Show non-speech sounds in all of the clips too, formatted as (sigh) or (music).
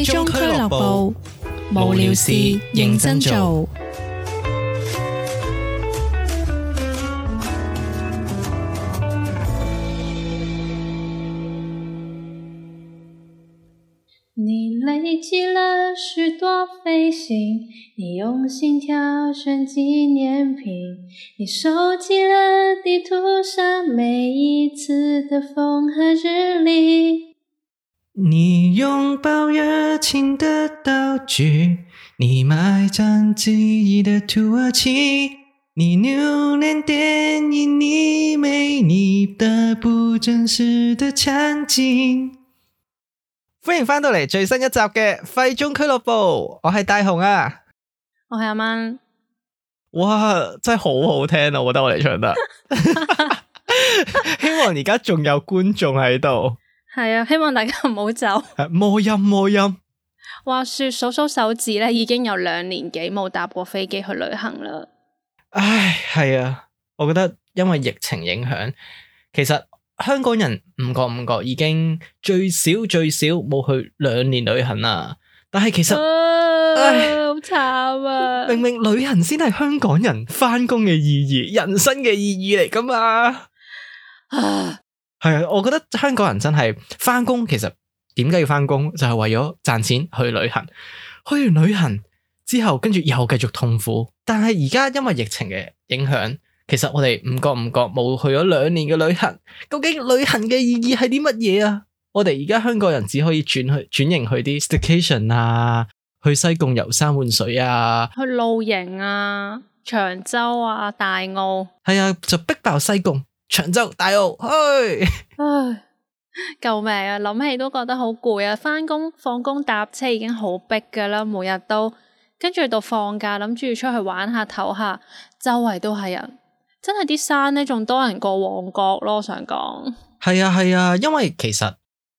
最終俱樂部，無聊事認真做。嗯、你累積了許多飛行，你用心挑選紀念品，你收集了地圖上每一次的風和日麗。你你你你擁抱熱情的島嶼，你埋葬記憶的土耳其，你流連電影你美麗的，你不真實的場景。歡迎翻到嚟最新一集嘅《廢中俱樂部》，我係大雄啊，我係阿蚊。哇，真係好好聽啊！我覺得我嚟唱得， (laughs) 希望而家仲有觀眾喺度。係啊，希望大家唔好走。魔音魔音，話說數數手指咧，已經有兩年幾冇搭過飛機去旅行啦。唉，係啊，我覺得因為疫情影響，其實香港人唔覺唔覺已經最少最少冇去兩年旅行啦。但係其實，啊、唉，好慘啊！啊，明明旅行先係香港人返工嘅意義、人生嘅意義嚟㗎嘛？啊！係啊，我覺得香港人真係翻工，其實點解要翻工？就係為咗賺錢去旅行，去完旅行之後，跟住又繼續痛苦。但係而家因為疫情嘅影響，其實我哋唔覺唔覺冇去咗兩年嘅旅行，究竟旅行嘅意義係啲乜嘢啊？我哋而家香港人只可以轉去轉型去啲 staycation 啊，去西貢遊山玩水啊，去露營啊，長洲啊，大澳。係啊，就逼爆西貢。長洲大澳，唉，救命啊！諗起都覺得好攰啊！翻工、放工、搭車已經好逼噶啦，每日都跟住到放假，諗住出去玩下、唞下，周圍都係人，真係啲山咧仲多人過旺角咯，我想講。係啊係啊，因為其實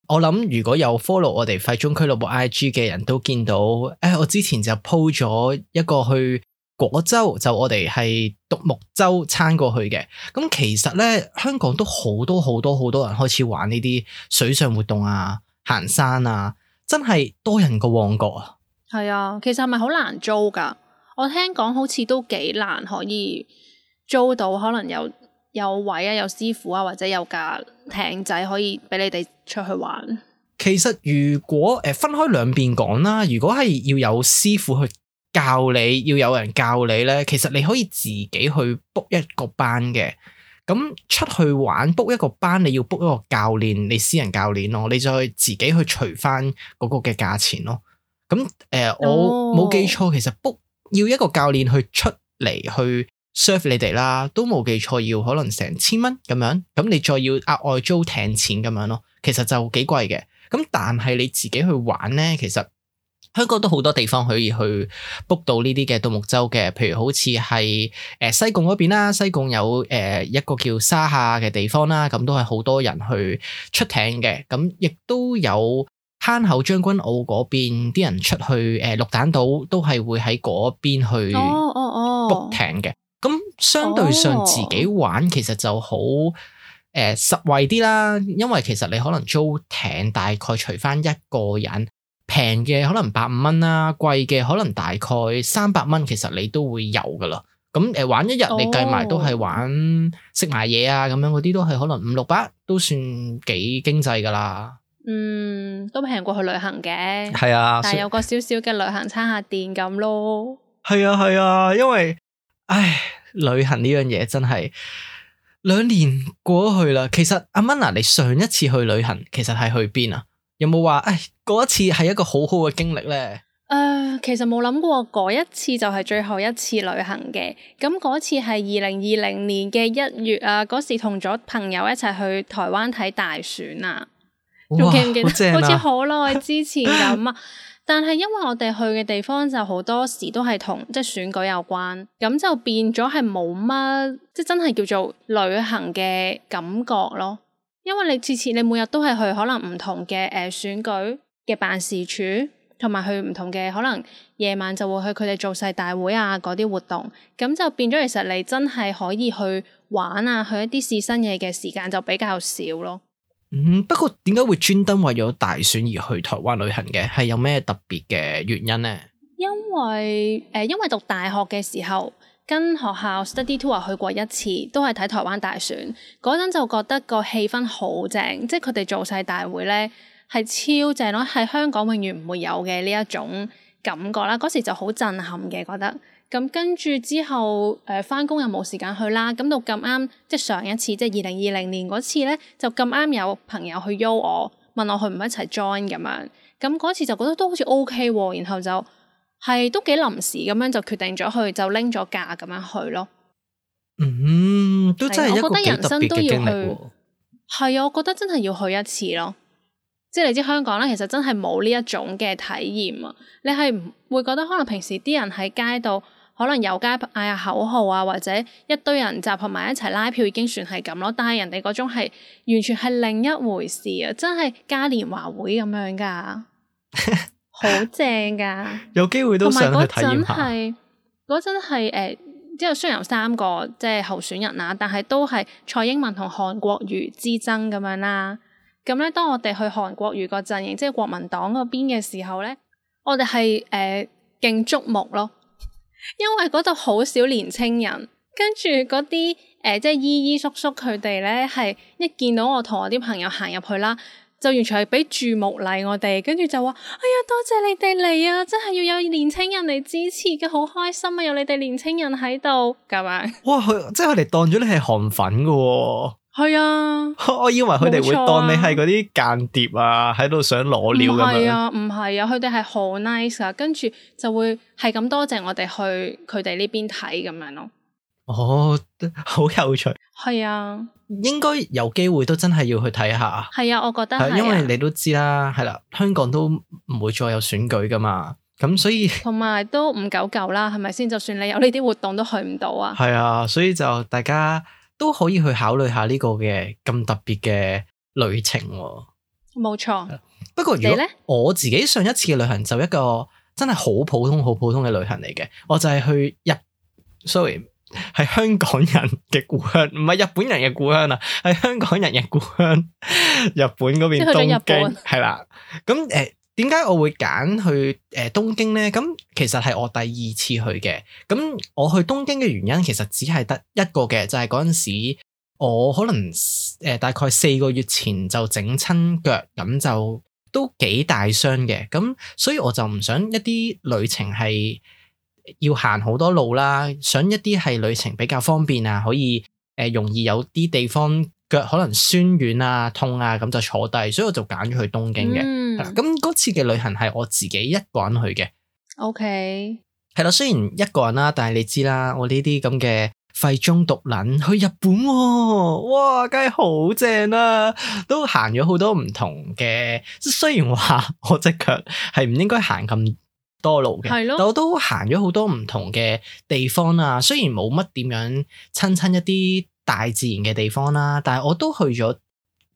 我諗，如果有 follow 我哋廢中俱樂部 I G 嘅人都見到，誒、哎，我之前就鋪咗一個去。果洲，就我哋係獨木舟撐過去嘅，咁其實咧香港都好多好多好多人開始玩呢啲水上活動啊、行山啊，真係多人過旺角啊！係啊，其實係咪好難租噶？我聽講好似都幾難可以租到，可能有有位啊、有師傅啊，或者有架艇仔可以俾你哋出去玩。其實如果誒、呃、分開兩邊講啦，如果係要有師傅去。教你要有人教你咧，其實你可以自己去 book 一個班嘅。咁出去玩 book 一個班，你要 book 一個教練，你私人教練咯，你再自己去除翻嗰個嘅價錢咯。咁誒，呃 oh. 我冇記錯，其實 book 要一個教練去出嚟去 serve 你哋啦，都冇記錯要可能成千蚊咁樣。咁你再要額外租艇錢咁樣咯，其實就幾貴嘅。咁但係你自己去玩咧，其實。香港都好多地方可以去 book 到呢啲嘅獨木舟嘅，譬如好似係誒西貢嗰邊啦，西貢有誒、呃、一個叫沙下嘅地方啦，咁都係好多人去出艇嘅，咁亦都有坑口將軍澳嗰邊啲人出去，誒、呃、綠蛋島都係會喺嗰邊去 book 艇嘅，咁相對上自己玩其實就好誒、呃、實惠啲啦，因為其實你可能租艇大概除返一個人。平嘅可能百五蚊啦，貴嘅可能大概三百蚊，其實你都會有噶啦。咁誒玩一日，oh. 你計埋都係玩食埋嘢啊，咁樣嗰啲都係可能五六百都算幾經濟噶啦。嗯，都平過去旅行嘅，係啊，但係有個少少嘅旅行叉下電咁咯。係啊係啊，啊，因為唉，旅行呢樣嘢真係兩年過咗去啦。其實阿蚊嗱你上一次去旅行其實係去邊啊？有冇話誒，嗰一次係一個好好嘅經歷咧？誒、呃，其實冇諗過嗰一次就係最後一次旅行嘅。咁嗰次係二零二零年嘅一月啊，嗰時同咗朋友一齊去台灣睇大選啊。哇仲記唔記得？棒啊、好似好耐之前咁啊。 (laughs) 但係因為我哋去嘅地方就好多時都係同即係選舉有關，咁就變咗係冇乜即係真係叫做旅行嘅感覺咯。因為你次次你每日都係去可能唔同嘅、誒選舉嘅辦事處，同埋去唔同嘅，可能夜晚就會去佢哋造勢大會啊、嗰啲活動，咁就變咗其實你真係可以去玩啊，去一啲試新嘢嘅時間就比較少咯。嗯，不過點解會專登為咗大選而去台灣旅行嘅？係有咩特別嘅原因呢？因為誒、呃，因為讀大學嘅時候。跟學校 study tour 去過一次，都係睇台灣大選嗰陣，就覺得個氣氛好正，即係佢哋做晒大會咧係超正咯，喺香港永遠唔會有嘅呢一種感覺啦。嗰時就好震撼嘅，覺得咁跟住之後誒返工又冇時間去啦。咁到咁啱即係上一次，即係二零二零年嗰次咧，就咁啱有朋友去邀我，問我去唔一齊 join 咁樣。咁嗰次就覺得都好似 OK 喎，然後就。係都幾臨時咁樣就決定咗去，就拎咗假咁樣去咯。嗯，都真係我覺得人生都要去，係啊，我覺得真係要去一次咯。即係嚟自香港啦，其實真係冇呢一種嘅體驗啊！你係唔會覺得可能平時啲人喺街度，可能有街嗌下口號啊，或者一堆人集合埋一齊拉票，已經算係咁咯。但係人哋嗰種係完全係另一回事啊！真係嘉年華會咁樣噶。好正噶！有機會都想去體驗下。嗰陣係，嗰陣係誒，之、呃、後雖然有三個即係候選人啦、啊，但係都係蔡英文同韓國瑜之爭咁樣啦、啊。咁咧，當我哋去韓國瑜個陣營，即係國民黨嗰邊嘅時候咧，我哋係誒勁矚目咯，因為嗰度好少年青人，跟住嗰啲誒即係姨姨叔叔佢哋咧係一見到我同我啲朋友行入去啦。就完全係俾注目禮我哋，跟住就話，哎呀，多謝你哋嚟啊！真係要有年青人嚟支持嘅，好開心啊！有你哋年青人喺度咁樣。哇！佢即係佢哋當咗你係韓粉噶喎。係啊，我以為佢哋會當你係嗰啲間諜啊，喺度想攞料咁。係啊，唔係啊，唔係啊，佢哋係好 nice 噶，跟住就會係咁多謝我哋去佢哋呢邊睇咁樣咯。哦，好有趣。係啊。應該有機會都真係要去睇下。係啊，我覺得係啊。因為你都知啦，係啦，啊，香港都唔會再有選舉噶嘛，咁所以同埋都唔夠夠啦，係咪先？就算你有呢啲活動都去唔到啊。係啊，所以就大家都可以去考慮下呢個嘅咁特別嘅旅程，啊。冇錯錯。不過如果咧呢，我自己上一次嘅旅行就一個真係好普通，好普通嘅旅行嚟嘅，我就係去日，sorry。係香港人嘅故鄉，唔係日本人嘅故鄉啊！係香港人嘅故鄉，日本嗰邊 (laughs) 東京係啦。咁誒， (laughs) 點解我會揀去誒東京咧？咁其實係我第二次去嘅。咁我去東京嘅原因，其實只係得一個嘅，就係嗰陣時我可能誒，大概四個月前就整親腳咁，就都幾大傷嘅。咁所以我就唔想一啲旅程係。要行好多路啦，想一啲係旅程比較方便啊，可以誒、呃、容易有啲地方腳可能酸軟啊痛啊，咁就坐低，所以我就揀咗去東京嘅。咁嗰、嗯那個，次嘅旅行係我自己一個人去嘅。O K 係啦，雖然一個人啦，但係你知啦，我呢啲咁嘅廢中毒撚去日本，啊，哇，梗係好正啦，啊，都行咗好多唔同嘅。雖然話我隻腳係唔應該行咁多路嘅的，但我都行咗好多唔同嘅地方啊。雖然冇乜點樣親親一啲大自然嘅地方啦，但係我都去咗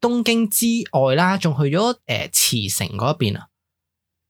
東京之外啦，仲去咗誒茨城嗰邊啊。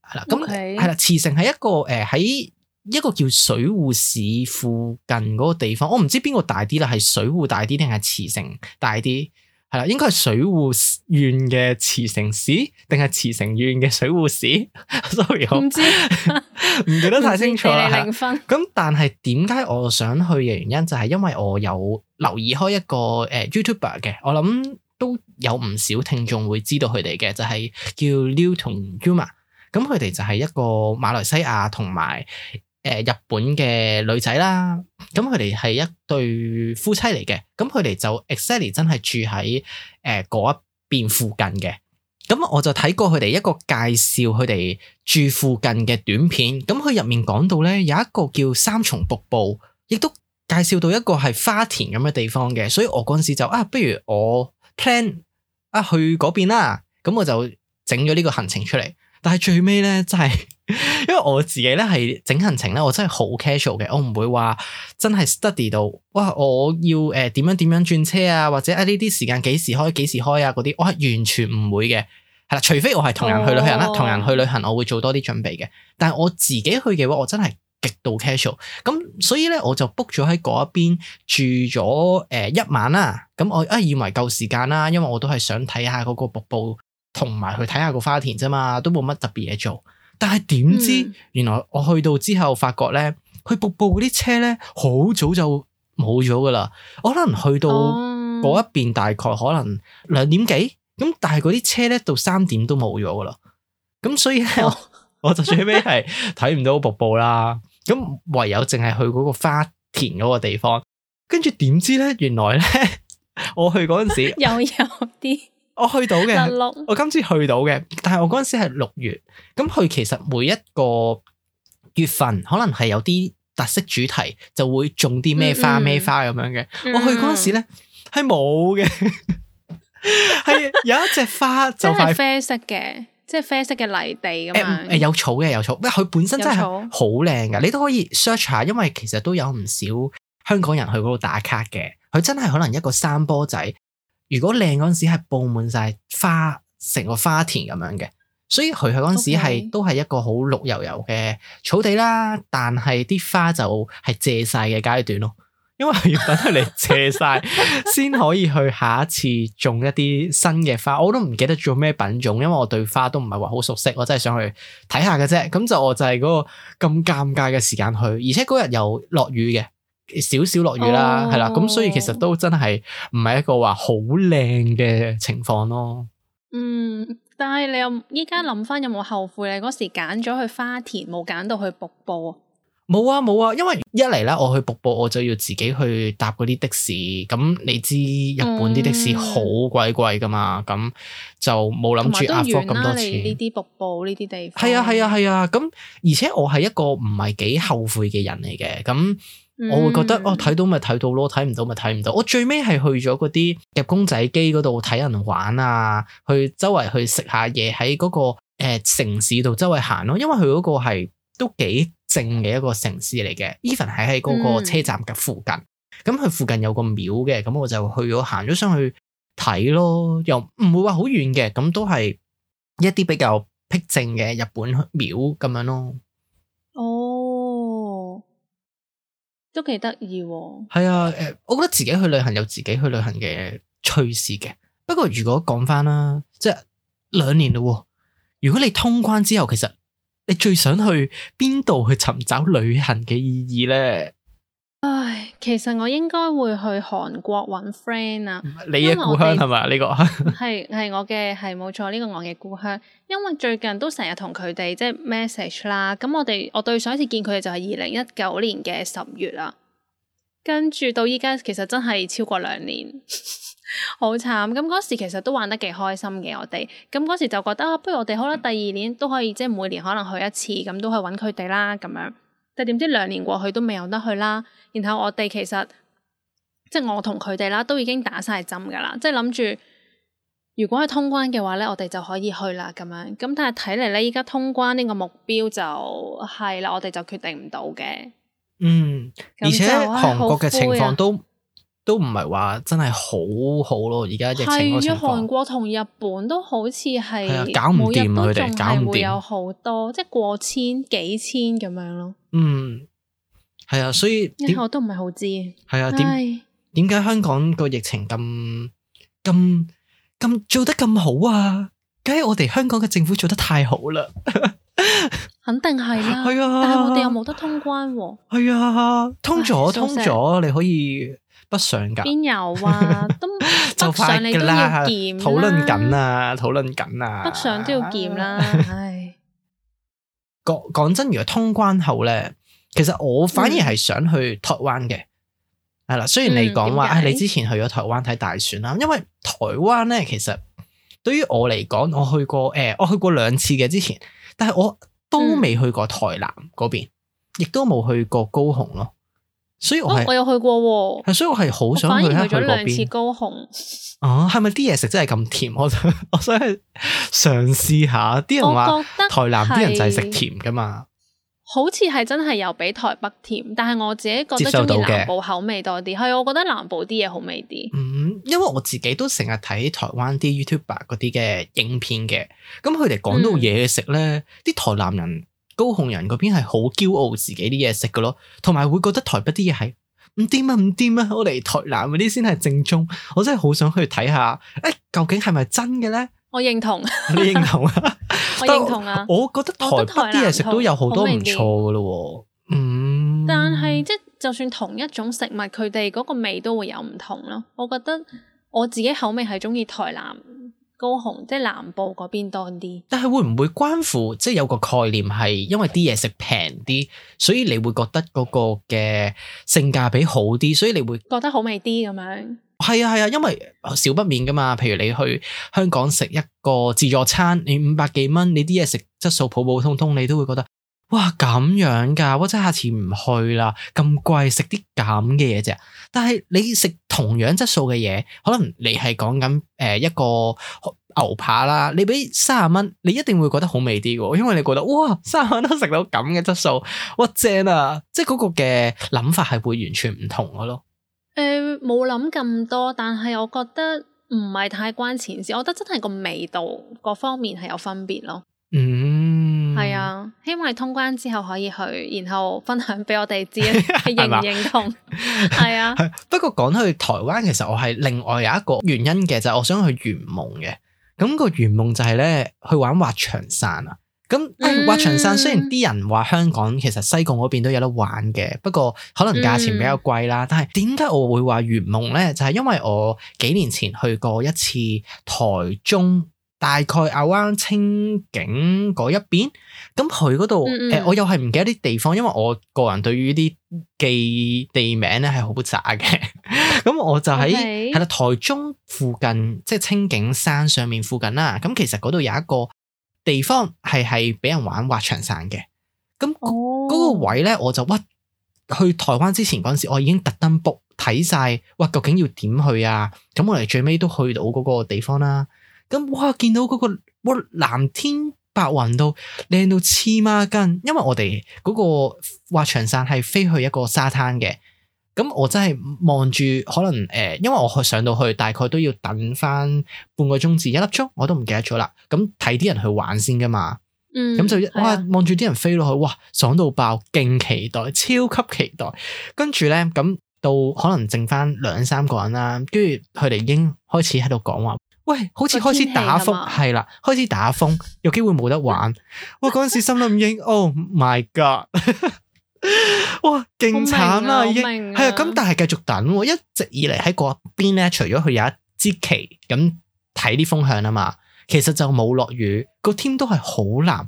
係啦 Okay.、嗯，咁係啦，茨城係一個誒喺、呃、一個叫水戶市附近嗰個地方。我唔知邊個大啲啦，係水戶大啲定係茨城大啲？係啦，應該係水戶縣嘅慈城市，定係慈城縣嘅水戶市 (laughs) ？sorry，唔知，唔 (laughs) 記得太清楚。你零分。咁但係點解我想去嘅原因，就係因為我有留意開一個誒 YouTuber 嘅，我諗都有唔少聽眾會知道佢哋嘅，就係、是、叫 New 同 Yuma。咁佢哋就係一個馬來西亞同埋。誒日本嘅女仔啦，咁佢哋係一對夫妻嚟嘅，咁佢哋就 exactly 真係住喺誒嗰一邊附近嘅，咁我就睇過佢哋一個介紹佢哋住附近嘅短片，咁佢入面講到咧有一個叫三重瀑布，亦都介紹到一個係花田咁嘅地方嘅，所以我嗰陣時就啊，不如我 plan 啊去嗰邊啦，咁我就整咗呢個行程出嚟。但係最尾咧，真係，因為我自己咧，係整行程咧，我真係好 casual 嘅，我唔會話真係 study 到，哇！我要誒點樣點樣轉車啊，或者啊呢啲時間幾時開幾時開啊嗰啲，我係完全唔會嘅。係啦，除非我係同人去旅行啦，哦、同人去旅行我會做多啲準備嘅。但係我自己去嘅話，我真係極度 casual。咁所以咧，我就 book 咗喺嗰一邊住咗誒、呃、一晚啦。咁我啊、哎、以為夠時間啦，因為我都係想睇下嗰個瀑布。同埋去睇下個花田啫嘛，都冇乜特別嘢做。但係點知，嗯、原來我去到之後，發覺咧，去瀑布嗰啲車咧，好早就冇咗噶啦。我可能去到嗰一邊，大概可能兩點幾，咁、哦、但係嗰啲車咧到三點都冇咗噶啦。咁所以咧，哦、 (laughs) 我就最尾係睇唔到瀑布啦。咁唯有淨係去嗰個花田嗰個地方。跟住點知咧，原來咧，我去嗰陣時 (laughs) 又有有啲。我去到嘅，六我今次去到嘅，但係我嗰陣時係六月，咁佢其實每一個月份可能係有啲特色主題，就會種啲咩花咩、嗯、花咁樣嘅。嗯、我去嗰陣時咧係冇嘅，係有、嗯、 (laughs) 有一隻花就係啡色嘅，即係啡色嘅泥地咁誒、欸呃、有草嘅有草，不過佢本身真係好靚㗎，草你都可以 search 下，因為其實都有唔少香港人去嗰度打卡嘅。佢真係可能一個山坡仔。如果靚嗰陣時係布滿晒花，成個花田咁樣嘅，所以佢嗰陣時係 Okay. 都係一個好綠油油嘅草地啦。但係啲花就係謝晒嘅階段咯，因為要等佢嚟謝晒，先 (laughs) 可以去下一次種一啲新嘅花。我都唔記得做咩品種，因為我對花都唔係話好熟悉。我真係想去睇下㗎啫。咁就我就係嗰個咁尷尬嘅時間去，而且嗰日又落雨嘅。少少落雨啦，係啦、哦，咁所以其實都真係唔係一個話好靚嘅情況咯。嗯，但係你又，依家諗翻有冇後悔咧？嗰時揀咗去花田，冇揀到去瀑布。冇啊冇啊，因為一嚟咧，我去瀑布我就要自己去搭嗰啲的士，咁你知日本啲的、的士好鬼貴噶嘛，咁、嗯、就冇諗住壓服咁多錢。咁多錢？呢啲瀑布呢啲地方。係啊係啊係啊，咁、啊啊嗯、而且我係一個唔係幾後悔嘅人嚟嘅，咁、嗯。我會覺得哦，睇到咪睇到咯，睇唔到咪睇唔到。我最尾係去咗嗰啲入公仔機嗰度睇人玩啊，去周圍去食下嘢，喺嗰個、呃、城市度周圍行咯、啊。因為佢嗰個係都幾正嘅一個城市嚟嘅。Even 喺喺嗰個車站嘅附近，咁佢、嗯、附近有個廟嘅，咁我就去咗行咗上去睇咯，又唔會話好遠嘅，咁都係一啲比較僻靜嘅日本廟咁樣咯。都幾得意喎，係啊，誒，我覺得自己去旅行有自己去旅行嘅趣事嘅。不過如果講返啦，即係兩年啦喎，如果你通關之後，其實你最想去邊度去尋找旅行嘅意義咧？唉，其實我應該會去韓國揾 friend 啊，你嘅故鄉係咪？呢個係係我嘅，係冇錯，呢個我嘅故鄉。因為最近都成日同佢哋即係 message 啦。咁我哋我對上一次見佢哋就係二零一九年嘅十月啦。跟住到依家其實真係超過兩年，好 (laughs) 慘。咁嗰時其實都玩得幾開心嘅我哋。咁嗰時就覺得啊，不如我哋好啦，第二年都可以即係每年可能去一次，咁都去揾佢哋啦。咁樣，但係點知兩年過去都未有得去啦。然後我哋其實即係我同佢哋啦，都已經打晒針噶啦，即係諗住如果係通關嘅話咧，我哋就可以去啦咁樣。咁但係睇嚟咧，依家通關呢個目標就係、是、啦，我哋就決定唔到嘅。嗯，咁樣，而且韓國嘅情況都、哎、都唔係話真係好好咯。而家疫情嘅情況，韓、啊、國同日本都好似係搞唔掂，佢哋搞唔掂，會有好多即係過千幾千咁樣咯。嗯。係啊，所以點都唔係好知。係啊，點解香港個疫情咁咁咁做得咁好啊？梗係我哋香港嘅政府做得太好啦， (laughs) 肯定係啊。係啊，但係我哋又冇得通關喎，啊。係啊，通咗通咗，你可以北上噶。邊有啊？都北 (laughs) 上你都要檢。 (laughs) 討論緊啊，討論緊啊，北上都要檢啦。唉 (laughs) (laughs) 講講真，如果通關後咧。其實我反而係想去台灣嘅，係啦、嗯。雖然你講話，你之前去咗台灣睇大選啦，因為台灣咧其實對於我嚟講，我去過誒、欸，我去過兩次嘅之前，但係我都未去過台南嗰邊，嗯、亦都冇去過高雄咯。所以我，我、哦、我有去過、哦，所以我係好想去去嗰邊。我反而去咗兩次高雄。啊，係咪啲嘢食真係咁甜？ (laughs) 我想，我想去嘗試下。啲人話，台南啲人就係食甜噶嘛。好似係真係又比台北甜，但係我自己覺得中意南部口味多啲，係我覺得南部啲嘢好味啲。嗯，因為我自己都成日睇台灣啲 YouTuber 嗰啲嘅影片嘅，咁佢哋講到嘢食咧，啲、嗯、台南人、高雄人嗰邊係好驕傲自己啲嘢食㗎囉，同埋會覺得台北啲嘢係唔掂啊唔掂啊，我嚟台南嗰啲先係正宗，我真係好想去睇下，誒究竟係咪真嘅咧？我認同， (laughs) 你認同啊、我認同啊！我認同啊！我覺得台南啲嘢食都有好多唔錯嘅咯。嗯，但係即係就算同一種食物，佢哋嗰個味都會有唔同咯。我覺得我自己口味係鍾意台南、高雄，即係南部嗰邊多啲。但係會唔會關乎即係、就是、有個概念係，因為啲嘢食平啲，所以你會覺得嗰個嘅性價比好啲，所以你會覺得好味啲咁樣？係啊係啊，因為少不免噶嘛。譬如你去香港食一個自助餐，你五百幾蚊，你啲嘢食質素普普通通，你都會覺得哇，咁樣噶，我真係下次唔去啦。咁貴食啲咁嘅嘢啫。但係你食同樣質素嘅嘢，可能你係講緊誒一個牛扒啦，你俾卅蚊，你一定會覺得好味啲喎，因為你覺得哇，卅蚊都食到咁嘅質素，哇正啊！即係嗰個嘅諗法係會完全唔同噶咯。誒，冇諗咁多，但係我覺得唔係太關錢事，我覺得真係個味道各方面係有分別咯。嗯，係啊，希望通關之後可以去，然後分享俾我哋知， (laughs) 認唔認同？係 (laughs) (laughs) 啊 (laughs) 不過講去台灣，其實我係另外有一個原因嘅，就係、是、我想去圓夢嘅。咁、那個圓夢就係咧去玩滑翔傘啊。咁誒，滑、嗯、翔傘雖然啲人話香港其實西貢嗰邊都有得玩嘅，不過可能價錢比較貴啦。嗯、但係點解我會話圓夢咧？就係、是、因為我幾年前去過一次台中，大概 around 清境嗰一邊。咁佢嗰度誒，我又係唔記得啲地方，因為我個人對於啲記地名咧係好渣嘅。咁 (laughs) 我就喺係啦，台中附近，即、就、係、是、清境山上面附近啦。咁其實嗰度有一個地方係係俾人玩滑翔傘嘅，咁嗰嗰個位呢，我就屈去台灣之前嗰陣時，我已經特登 book 睇晒，哇究竟要點去啊？咁我哋最尾都去到嗰個地方啦、啊。咁哇見到嗰、嗰個哇藍天白雲到靚到黐孖筋，因為我哋嗰個滑翔傘係飛去一個沙灘嘅。咁我真係望住可能誒、呃，因為我去上到去，大概都要等翻半個鐘至一粒鐘，我都唔記得咗啦。咁睇啲人去玩先噶嘛，咁、嗯、就哇望住啲人飛落去，哇爽到爆，勁期待，超級期待。跟住咧，咁到可能剩翻兩三個人啦，跟住佢哋已經開始喺度講話，喂，好似開始打風，係啦、嗯，開始打風，有機會冇得玩。我嗰陣時心諗應，Oh my god！ (laughs) 哇，勁慘啦，已經係啊！咁在但係繼續等，啊、一直以嚟喺國邊咧，除咗佢有一支旗，咁睇啲風向啊嘛，其實就冇落雨，個天都係好藍，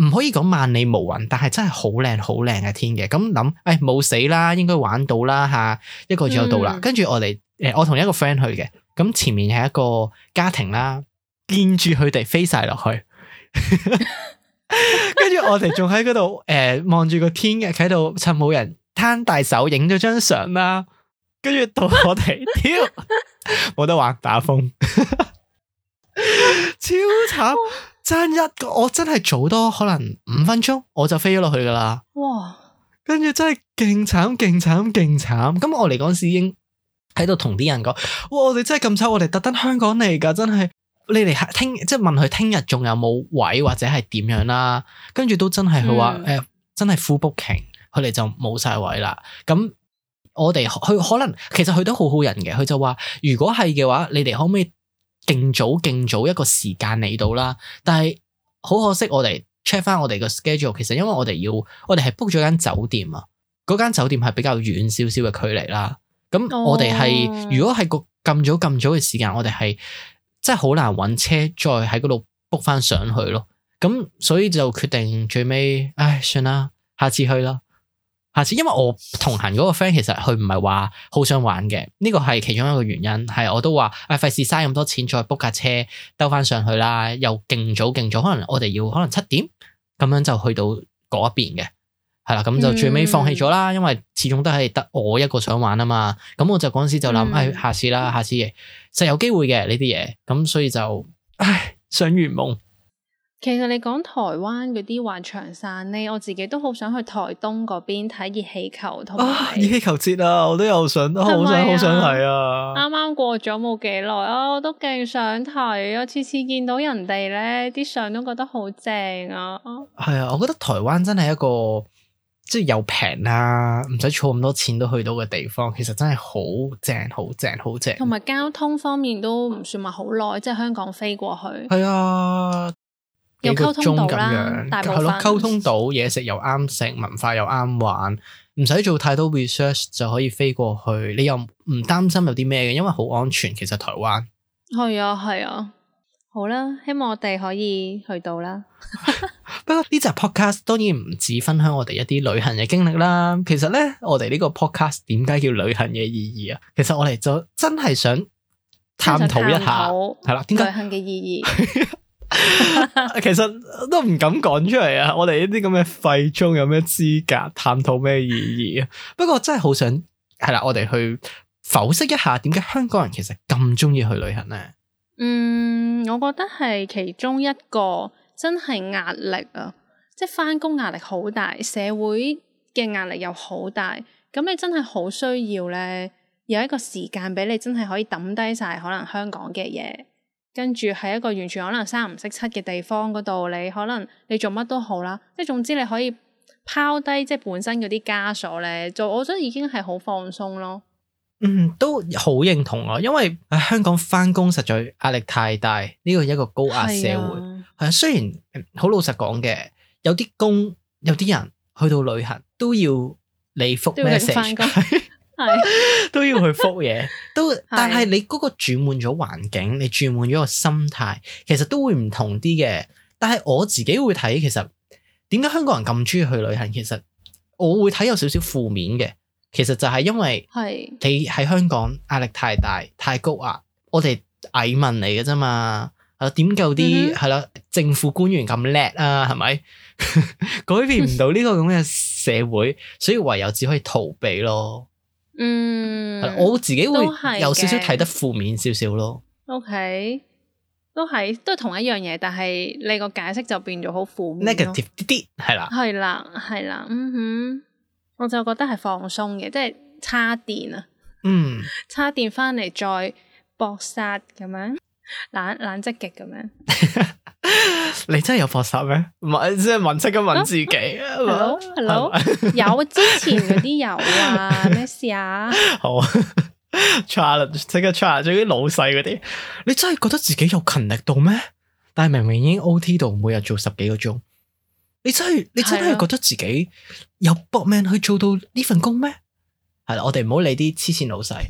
唔可以講萬里無雲，但係真係好靚好靚嘅天嘅。咁諗，誒、哎、冇死啦，應該玩到啦吓，一個鐘頭到啦。跟住、嗯、我哋，誒，我同一個 friend 去嘅，咁前面係一個家庭啦，見住佢哋飛晒落去。 (laughs) 跟住 (laughs) 我哋仲喺嗰度誒，望住個天嘅，喺度趁冇人攤大手影咗張相啦。跟住到我哋，屌冇得話，打風超慘，爭一個我真係早多可能五分鐘，我就飛咗落去噶啦。哇！慘慘慘慘慘，跟住真係勁慘勁慘勁慘，咁我嚟嗰時已經喺度同啲人講，哇！我哋真係咁慘，我哋特登香港嚟噶，真係。你哋聽即係問佢聽日仲有冇位或者係點樣啦、啊，跟住都真係佢話誒，真係 full booking，佢哋就冇晒位啦。咁我哋佢可能其實佢都好好人嘅，佢就話如果係嘅話，你哋可唔可以勁早勁早一個時間嚟到啦？但係好可惜，我哋 check 翻我哋個 schedule，其實因為我哋要我哋係 book 咗間酒店啊，嗰間酒店係比較遠少少嘅距離啦。咁我哋係、哦、如果係個咁早咁早嘅時間，我哋係。真係好難搵車，再喺嗰度 book 翻上去咯。咁所以就決定最尾，唉，算啦，下次去啦。下次因為我同行嗰個 friend，其實佢唔係話好想玩嘅，呢個係其中一個原因。係我都話，唉、啊，費事嘥咁多錢再，再 book 架車兜翻上去啦，又勁早勁早，可能我哋要可能七點，咁樣就去到嗰一邊嘅。係啦，咁就最尾放棄咗啦，嗯、因為始終都係得我一個想玩啊嘛。咁我就嗰陣時就諗，唉、嗯哎，下次啦，下次嘢，實有機會嘅呢啲嘢。咁所以就，唉，想圓夢。其實你講台灣嗰啲玩長山呢，我自己都好想去台東嗰邊睇熱氣球同。啊！熱氣球節啊，我都又想，好想，好想睇啊！啱啱過咗冇幾耐啊，我都勁想睇啊！次次見到人哋咧，啲相都覺得好正啊。係啊，我覺得台灣真係一個。即係又平啦，啊，唔使儲咁多錢都去到嘅地方，其實真係好正、好正、好正。同埋交通方面都唔算話好耐，即係香港飛過去係啊，幾個鐘咁樣，有溝通到，係咯，溝通到嘢，啊、食又啱食，文化又啱玩，唔使做太多 research 就可以飛過去。你又唔擔心有啲咩嘅？因為好安全，其實台灣係啊，係啊。好啦，希望我哋可以去到啦。不過呢集 podcast 當然唔止分享我哋一啲旅行嘅經歷啦。其實咧，我哋呢個 podcast 點解叫旅行嘅意義啊？其實我哋就真係想探討一下，係啦，旅行嘅意義。其實都唔 (laughs) 敢講出嚟啊！我哋呢啲咁嘅廢中，有咩資格探討咩意義啊？ (laughs) 不過真係好想，係啦，我哋去剖析一下，點解香港人其實咁中意去旅行咧？嗯，我覺得係其中一個真係壓力啊，即係翻工壓力好大，社會嘅壓力又好大。咁你真係好需要咧，有一個時間俾你真係可以抌低晒可能香港嘅嘢，跟住喺一個完全可能三唔識七嘅地方嗰度，你可能你做乜都好啦，即係總之你可以拋低即係本身嗰啲枷鎖咧，就我覺得已經係好放鬆咯。嗯，都好認同啊，因為喺香港翻工實在壓力太大，呢個一個高壓社會。係是、啊、雖然好老實講嘅，有啲工有啲人去到旅行都要你覆咩社？都要 (laughs) 都要去覆嘢，都是、啊、但係你嗰個轉換咗環境，你轉換咗個心態，其實都會唔同啲嘅。但係我自己會睇，其實點解香港人咁中意去旅行？其實我會睇有少少負面嘅。其實就係因為你喺香港壓力太大太高壓，我哋蟻民嚟嘅啫嘛，係啦，點夠啲係啦？政府官員咁叻啊，係咪 (laughs) 改變唔到呢個咁嘅社會？ (laughs) 所以唯有只可以逃避咯。嗯，嗯，我自己會有少少睇得負面少少咯。OK，都係、okay. 都係同一樣嘢，但係你個解釋就變咗好負面，negative 啲啲係啦，係啦，係啦，嗯哼。我就覺得係放鬆嘅，即係叉電啊，嗯，叉電翻嚟，再搏殺咁樣，懶懶積極咁樣。 (laughs) 你真係有搏殺咩？唔係即係問出咁，oh, oh, 問自己。Hello，Hello，hello? 吧有之前嗰啲有啊？咩 (laughs) 事啊？好啊，Charles，take 啲老細嗰啲，你真係覺得自己有勤力到咩？但係明，明明已經 O T 到每日做十幾個鐘。你真係你真係覺得自己有搏命去做到呢份工咩？係啦，我哋唔好理啲黐線老細，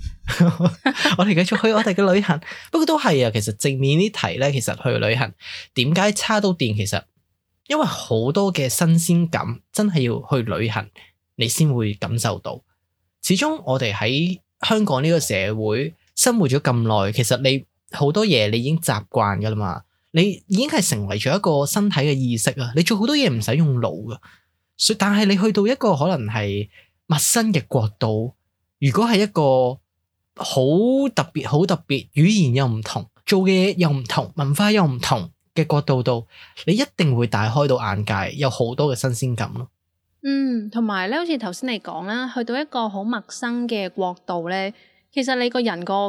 (laughs) 我哋繼續去我哋嘅旅行。 (laughs) 不過都係啊，其實正面啲題咧，其實去旅行點解叉到電？其實因為好多嘅新鮮感，真係要去旅行你先會感受到。始終我哋喺香港呢個社會生活咗咁耐，其實你好多嘢你已經習慣噶啦嘛。你已經係成為咗一個身體嘅意識啊！你做好多嘢唔使用腦噶，但係你去到一個可能係陌生嘅國度，如果係一個好特別、好特別，語言又唔同，做嘢又唔同，文化又唔同嘅國度度，你一定會大開到眼界，有好多嘅新鮮感咯。嗯，同埋咧，好似頭先你講啦，去到一個好陌生嘅國度咧，其實你個人個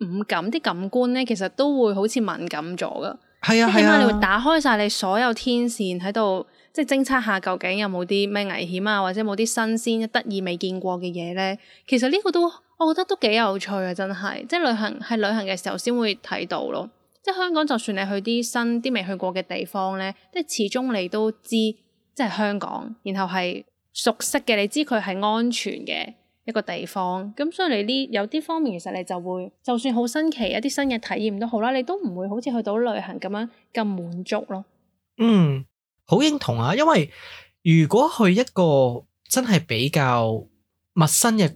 五感啲感官咧，其實都會好似敏感咗噶。係啊，即係起碼你會打開曬你所有天線喺度，即係偵測下究竟有冇啲咩危險啊，或者冇啲新鮮得意未見過嘅嘢咧。其實呢個都，我覺得都幾有趣啊！真係，即係旅行係旅行嘅時候先會睇到咯。即係香港，就算你去啲新啲未去過嘅地方咧，即係始終你都知，即係香港，然後係熟悉嘅，你知佢係安全嘅。一個地方咁，所以你呢有啲方面，其實你就會就算好新奇一啲新嘅體驗都好啦，你都唔會好似去到旅行咁樣咁滿足囉。嗯，好認同呀，因為如果去一個真係比較陌生嘅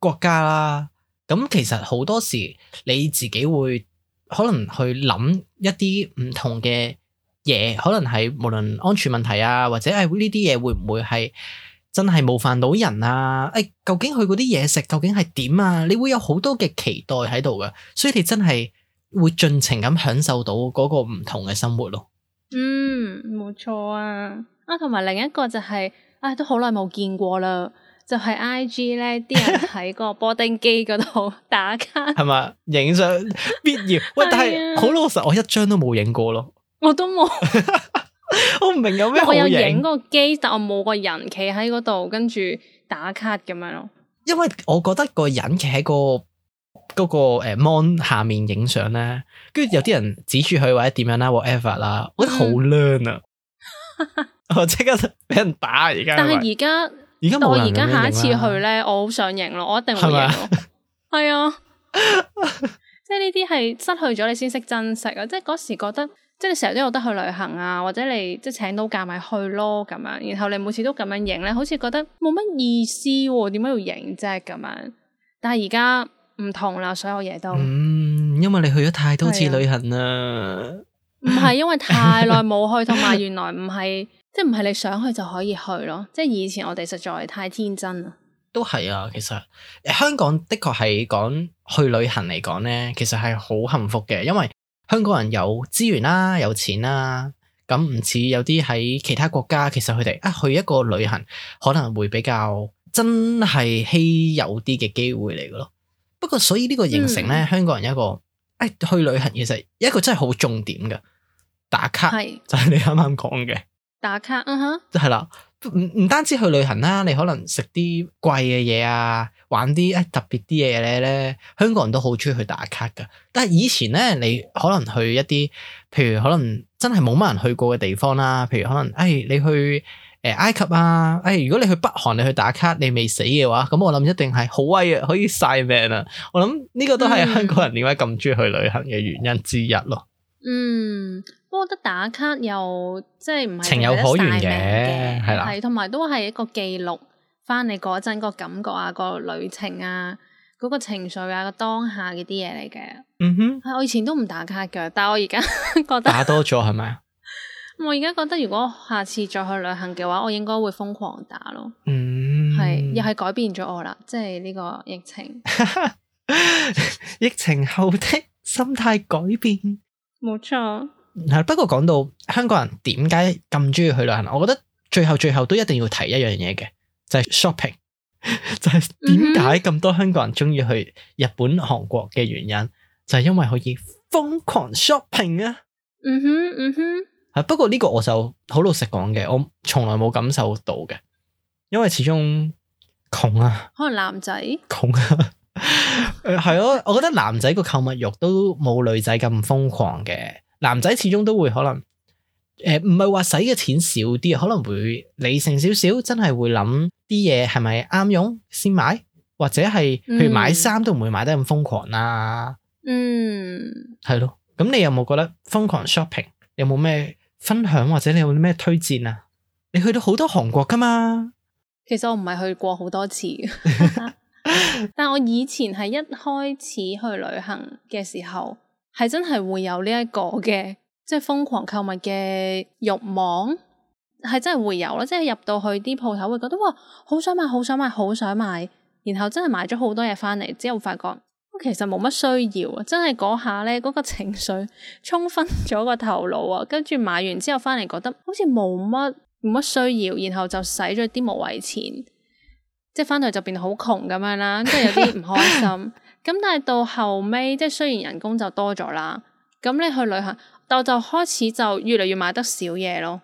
國家啦，咁其實好多時你自己會可能去諗一啲唔同嘅嘢，可能係無論安全問題呀，或者係呢啲嘢會唔會係。真係冒犯到人啊！哎，究竟佢嗰啲嘢食，究竟係點啊？你會有好多嘅期待喺度噶，所以你真係會盡情咁享受到嗰個唔同嘅生活咯。嗯，冇錯啊！啊，同埋另一個就係、是，哎，都好耐冇見過啦。就係、是、I G 咧，啲人喺個波丁機嗰度打卡，係咪 (laughs) (laughs) 影相必要喂，但係、啊、好老實，我一張都冇影過咯。我都冇。 (laughs) 我唔明有咩我有影個機，但我冇個人企喺嗰度，跟住打卡咁樣咯。因為我覺得個人企喺、個、嗰個誒 mon 下面影相咧，跟住有啲人指住佢或者點樣啦，whatever 啦，我覺得好 lame 啊！嗯、我即刻俾人打而家。 (laughs) 但係而家而家我而家下一次去咧，我好想影咯，我一定去影咯。係 (laughs) 吧啊， (laughs) (laughs) 即係呢啲係失去咗你先識珍惜啊！即係嗰時覺得。即係成日都有得去旅行啊，或者你即係請到假咪去咯咁樣，然後你每次都咁樣影咧，好似覺得冇乜意思喎、啊，點解要影啫咁樣？但係而家唔同啦，所有嘢都嗯，因為你去咗太多次旅行啦，唔係、啊、 (laughs) 因為太耐冇去，同埋原來唔係 (laughs) 即係唔係你想去就可以去咯，即係以前我哋實在太天真啊。都係啊，其實香港的確係講去旅行嚟講咧，其實係好幸福嘅，因為。香港人有資源啦，有錢啦，咁唔似有啲喺其他國家，其實佢哋啊去一個旅行可能會比較真係稀有啲嘅機會嚟嘅咯。不過所以呢個形成咧，香港人一個誒、哎、去旅行其實一個真係好重點嘅打卡，係是就係你啱啱講嘅打卡啊吓，係、嗯、啦，唔唔單止去旅行啦，你可能食啲貴嘅嘢啊，玩啲誒特別啲嘢咧咧，香港人都好中意去打卡㗎。但係以前咧，你可能去一啲，譬如可能真係冇乜人去過嘅地方啦。譬如可能，誒、哎、你去誒埃及啊，誒、哎、如果你去北韓，你去打卡你未死嘅話，咁我諗一定係好威啊，可以晒命啊！我諗呢個都係香港人點解咁中意去旅行嘅原因之一咯。嗯，我覺得打卡又即係唔係情有可原嘅，係啦，係同埋都係一個記錄。翻嚟嗰陣個感覺啊，個旅程啊，嗰個情緒啊，個當下嘅啲嘢，嚟嘅。嗯哼、mm，hmm. 我以前都唔打卡嘅，但係我而家覺得打多咗係咪？我而家覺得如果下次再去旅行嘅話，我應該會瘋狂打咯。嗯、mm，係、hmm. 又係改變咗我啦，即係呢個疫情。 (laughs) 疫情後的心態改變，冇錯。嗱，不過講到香港人點解咁中意去旅行，我覺得最後最後都一定要提一樣嘢嘅。就係 shopping，就係點解咁多香港人鍾意去日本、韓國嘅原因，就係、是、因為可以瘋狂 shopping 啊！嗯哼，嗯哼，係不過呢個我就好老實講嘅，我從來冇感受到嘅，因為始終窮啊，可能男仔窮窮啊，係 (laughs) 咯、呃哦，我覺得男仔個購物欲都冇女仔咁瘋狂嘅，男仔始終都會可能。誒，唔係話使嘅錢少啲啊，可能會理性少少，真係會諗啲嘢係咪啱用先買，或者係去買衫都唔會買得咁瘋狂啦、啊。嗯，係咯。咁你有冇覺得瘋狂 shopping？有冇咩分享或者你有啲咩推薦啊？你去到好多韓國㗎嘛？其實我唔係去過好多次， (laughs) (laughs) 但我以前係一開始去旅行嘅時候，係真係會有呢一個嘅。即係瘋狂購物嘅慾望，係真係會有啦。即係入到去啲鋪頭，會覺得哇，好想買，好想買，好想買。然後真係買咗好多嘢翻嚟，之後發覺、哦、其實冇乜需要啊！真係嗰下咧，嗰、嗰個情緒沖昏咗個頭腦啊！跟住買完之後翻嚟，覺得好似冇乜冇乜需要，然後就使咗啲無謂錢，即係翻到去就變好窮咁樣啦，即係有啲唔開心。咁 (laughs) 但係到後尾，即係雖然人工就多咗啦，咁你去旅行。我就開始就越嚟越買得少嘢咯，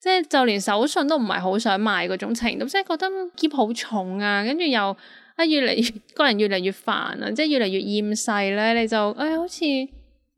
即係就連手信都唔係好想買嗰種程度，即係覺得喼好重啊，跟住又啊、哎、越嚟越個人越嚟越煩啊，即係越嚟越厭世咧，你就誒、哎、好似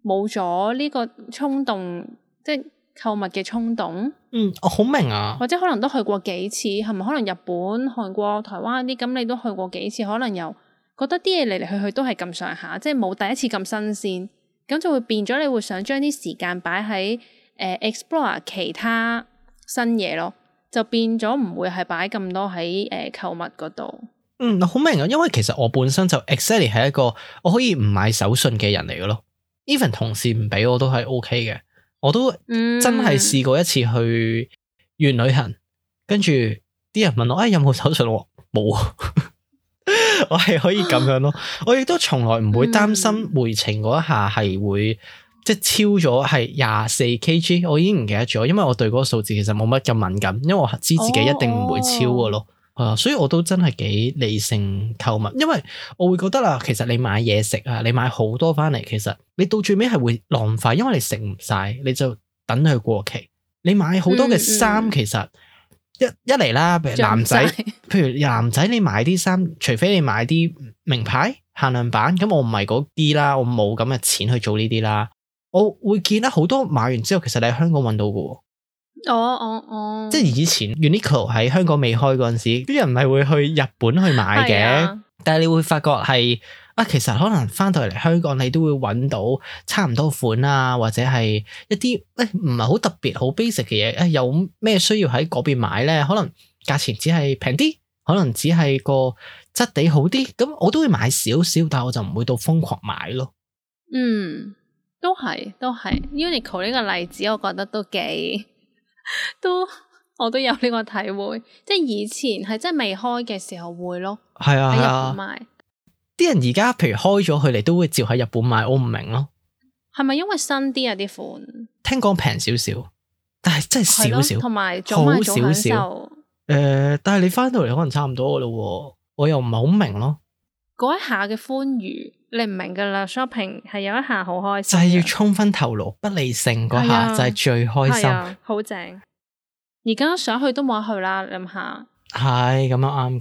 冇咗呢個衝動，即係購物嘅衝動。嗯，我好明啊。或者可能都去過幾次，係咪可能日本、韓國、台灣啲咁，你都去過幾次，可能又覺得啲嘢嚟嚟去去都係咁上下，即係冇第一次咁新鮮。咁就會變咗，你會想將啲時間擺喺誒、呃、explore 其他新嘢咯，就變咗唔會係擺咁多喺誒、呃、購物嗰度。嗯，好明啊，因為其實我本身就 exactly 係一個我可以唔買手信嘅人嚟嘅咯。even 同事唔俾我都係 OK 嘅，我都真係試過一次去遠旅行，跟住啲人問我啊、哎、有冇手信喎，冇。 (laughs) (laughs) 我係可以咁樣咯，我亦都從來唔會擔心回程嗰一下係會、嗯、即係超咗係廿四 Kg，我已經唔記得咗，因為我對嗰個數字其實冇乜咁敏感，因為我知自己一定唔會超噶咯，係啊、哦，所以我都真係幾理性購物，因為我會覺得啦，其實你買嘢食啊，你買好多翻嚟，其實你到最尾係會浪費，因為你食唔晒，你就等佢過期。你買好多嘅衫，嗯嗯、其實。一一嚟啦，如譬如男仔，譬如男仔，你買啲衫，除非你買啲名牌限量版，咁我唔係嗰啲啦，我冇咁嘅錢去做呢啲啦。我會見到好多買完之後，其實你喺香港揾到噶。哦哦哦，即係以前 Uniqlo 喺香港未開嗰陣時，啲人係會去日本去買嘅，oh, oh, oh. 但係你會發覺係。啊，其實可能翻到嚟香港，你都會揾到差唔多款啊，或者係一啲誒唔係好特別、好 basic 嘅嘢。誒、哎，有咩需要喺嗰邊買咧？可能價錢只係平啲，可能只係個質地好啲。咁我都會買少少，但係我就唔會到瘋狂買咯。嗯，都係都係 Uniqlo 呢個例子，我覺得都幾都我都有呢個體會。即係以前係真係未開嘅時候會咯。係啊，喺入邊買，係啊。啲人而家譬如開咗佢嚟，都會照喺日本買，我唔明咯。係咪因為新啲啊啲款？聽講平少少，但係真係少少，同埋好少少。誒、呃，但係你翻到嚟可能差唔多噶咯，我又唔係好明咯。嗰一下嘅歡愉，你唔明噶啦。shopping 係有一下好開心，就係要充分投入、不理性嗰下，就係最開心，啊啊、好正。而家想去都冇得去啦，諗下。係咁樣啱嘅，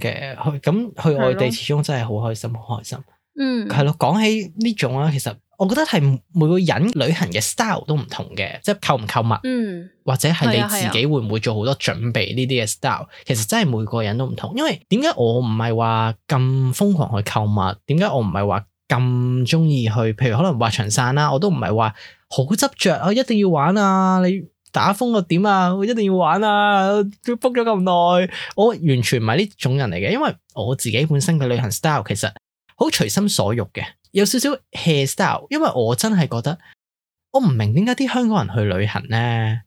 去咁去外地始終真係好開心，好的開心。嗯，係咯，講起呢種啦，其實我覺得係每個人旅行嘅 style 都唔同嘅，即係購唔購物，嗯、或者係你自己會唔會做好多準備呢啲嘅 style 的。其實真係每個人都唔同，因為點解我唔係話咁瘋狂去購物？點解我唔係話咁中意去？譬如可能話滑翔傘啦，啊，我都唔係話好執着，我、啊、一定要玩啊你。打風又點啊？我一定要玩啊！要 book 咗咁耐，我完全唔係呢種人嚟嘅。因為我自己本身嘅旅行 style 其實好隨心所欲嘅，有少少 hair style。因為我真係覺得我唔明點解啲香港人去旅行咧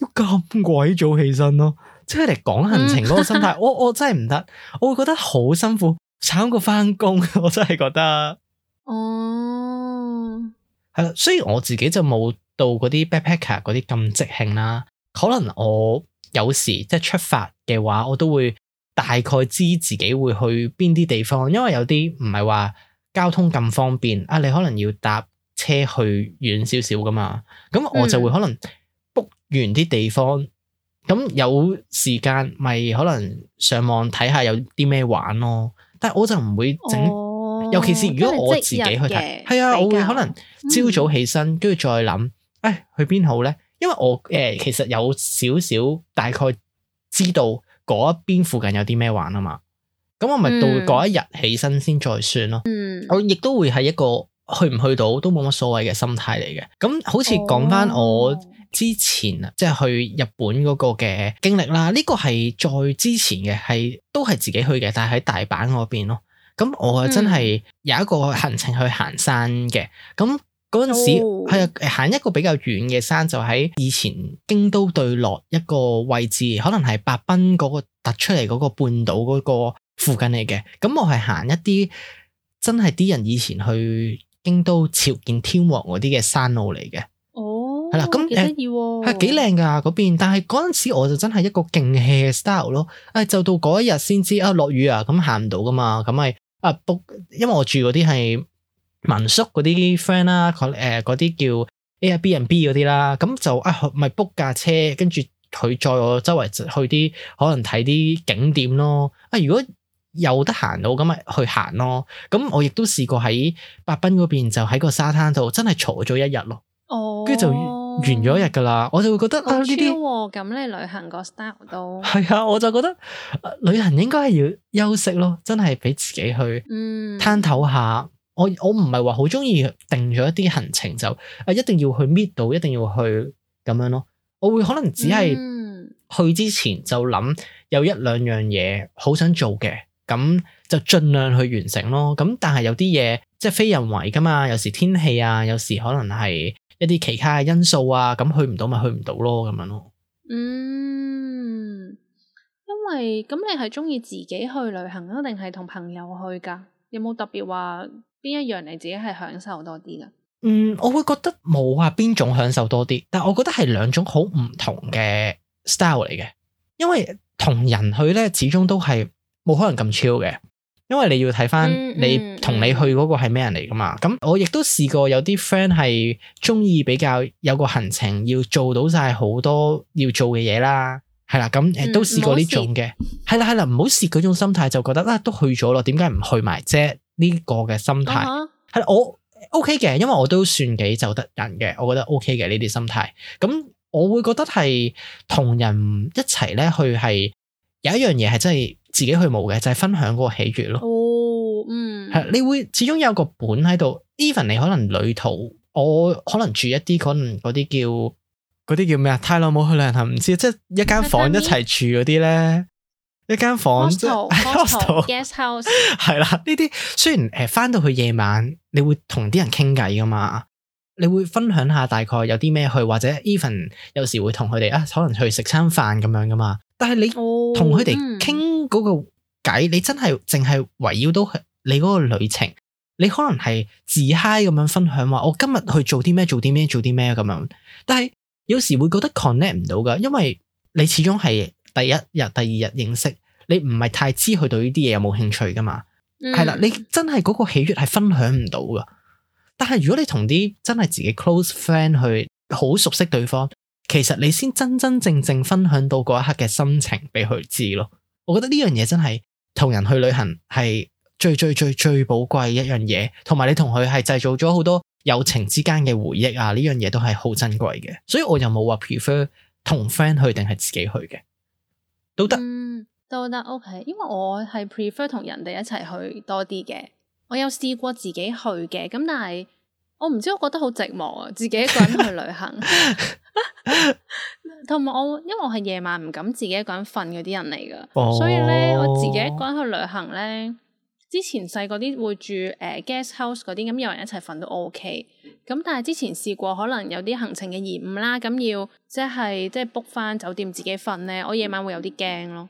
要咁鬼早起身咯、啊，即係嚟講行程嗰個心態， (laughs) 我我真係唔得，我會覺得好辛苦，慘過返工，我真係覺得、啊。哦、um，係啦，所以我自己就冇。到嗰啲 backpacker 嗰啲咁即興啦，可能我有時即係出發嘅話，我都會大概知自己會去邊啲地方，因為有啲唔係話交通咁方便啊，你可能要搭車去遠少少噶嘛，咁我就會可能 book 完啲地方，咁、嗯、有時間咪可能上網睇下有啲咩玩咯，但係我就唔會整，哦、尤其是如果我自己去睇，係啊，我會可能朝早起身，跟住、嗯、再諗。誒，去邊好咧？因為我誒、欸，其實有少少大概知道嗰一邊附近有啲咩玩啊嘛。咁我咪到嗰一日起身先再算咯。嗯、我亦都會係一個去唔去到都冇乜所謂嘅心態嚟嘅。咁好似講翻我之前啊，哦、即係去日本嗰個嘅經歷啦。呢、呢個係再之前嘅，係都係自己去嘅，但係喺大阪嗰邊咯。咁我真係有一個行程去行山嘅。咁、嗯嗯嗰陣時係啊，行、oh. 一個比較遠嘅山，就喺以前京都對落一個位置，可能係白濱嗰個突出嚟嗰個半島嗰個附近嚟嘅。咁我係行一啲真係啲人以前去京都朝見天王嗰啲嘅山路嚟嘅。哦、oh，係啦，咁幾得意喎，係幾靚噶嗰邊。但係嗰陣時我就真係一個勁氣嘅 style 咯。誒，就到嗰一日先知啊，落雨啊，咁行唔到噶嘛。咁係啊，book，因為我住嗰啲係。民宿嗰啲 friend 啦，誒嗰啲叫 Airbnb 嗰啲啦，咁就啊咪 book 架車，跟住佢載我周圍去啲可能睇啲景點咯。啊、哎，如果有得閒到，咁咪去行咯。咁我亦都試過喺白濱嗰邊，就喺個沙灘度真係坐咗一日咯。哦，跟住就完咗一日噶啦，我就會覺得呢啲咁你旅行個 style 都係啊，我就覺得、呃、旅行應該係要休息咯，真係俾自己去攤抖、mm, 下。我我唔係話好中意定咗一啲行程就啊一定要去搣到，一定要去咁樣咯。我會可能只係去之前就諗有一兩樣嘢好想做嘅，咁就盡量去完成咯。咁但係有啲嘢即係非人為噶嘛，有時天氣啊，有時可能係一啲其他嘅因素啊，咁去唔到咪去唔到咯，咁樣咯。嗯，因為咁你係中意自己去旅行啊，定係同朋友去噶？有冇特別話？邊一樣你自己係享受多啲噶？嗯，我會覺得冇啊，邊種享受多啲？但我覺得係兩種好唔同嘅 style 嚟嘅，因為同人去咧，始終都係冇可能咁超嘅。因為你要睇翻你同你去嗰個係咩人嚟噶嘛？咁、嗯嗯、我亦都試過有啲 friend 係中意比較有個行程要做到晒好多要做嘅嘢啦，係啦、啊，咁誒都試過呢種嘅，係啦係啦，唔好試嗰種心態就覺得啦、啊、都去咗咯，點解唔去埋啫？呢個嘅心態係、uh huh. 我 OK 嘅，因為我都算幾就得人嘅，我覺得 OK 嘅呢啲心態。咁我會覺得係同人一齊咧，去係有一樣嘢，係真係自己去冇嘅，就係、是、分享嗰個喜悦咯。哦、oh, um.，嗯，係你會始終有個本喺度。Even 你可能旅途，我可能住一啲可能嗰啲叫嗰啲叫咩啊？太耐冇去旅行，唔知即係一間房間一齊住嗰啲咧。一間房，house，house，係啦。呢啲雖然誒，翻、呃、到去夜晚，你會同啲人傾偈噶嘛？你會分享下大概有啲咩去，或者 even 有時會同佢哋啊，可能去食餐飯咁樣噶嘛。但係你同佢哋傾嗰個偈，oh, 嗯、你真係淨係圍繞到佢你嗰個旅程。你可能係自嗨 i g 咁樣分享話，我今日去做啲咩，做啲咩，做啲咩咁樣。但係有時會覺得 connect 唔到噶，因為你始終係第一日、第二日認識。你唔係太知佢對呢啲嘢有冇興趣噶嘛？係啦、嗯，你真係嗰個喜悦係分享唔到噶。但係如果你同啲真係自己 close friend 去，好熟悉對方，其實你先真真正正分享到嗰一刻嘅心情俾佢知咯。我覺得呢樣嘢真係同人去旅行係最最最最寶貴一樣嘢，同埋你同佢係製造咗好多友情之間嘅回憶啊！呢樣嘢都係好珍貴嘅，所以我又冇話 prefer 同 friend 去定係自己去嘅，都得。嗯都得 OK，因為我係 prefer 同人哋一齊去多啲嘅。我有試過自己去嘅，咁但係我唔知，我覺得好寂寞啊，自己一個人去旅行。同埋 (laughs) (laughs) 我，因為我係夜晚唔敢自己一個人瞓嗰啲人嚟噶，Oh. 所以咧我自己一個人去旅行咧，之前細個啲會住誒、呃、guest house 嗰啲，咁有人一齊瞓都 OK。咁但係之前試過可能有啲行程嘅延誤啦，咁要即係即係 book 返酒店自己瞓咧，我夜晚會有啲驚咯。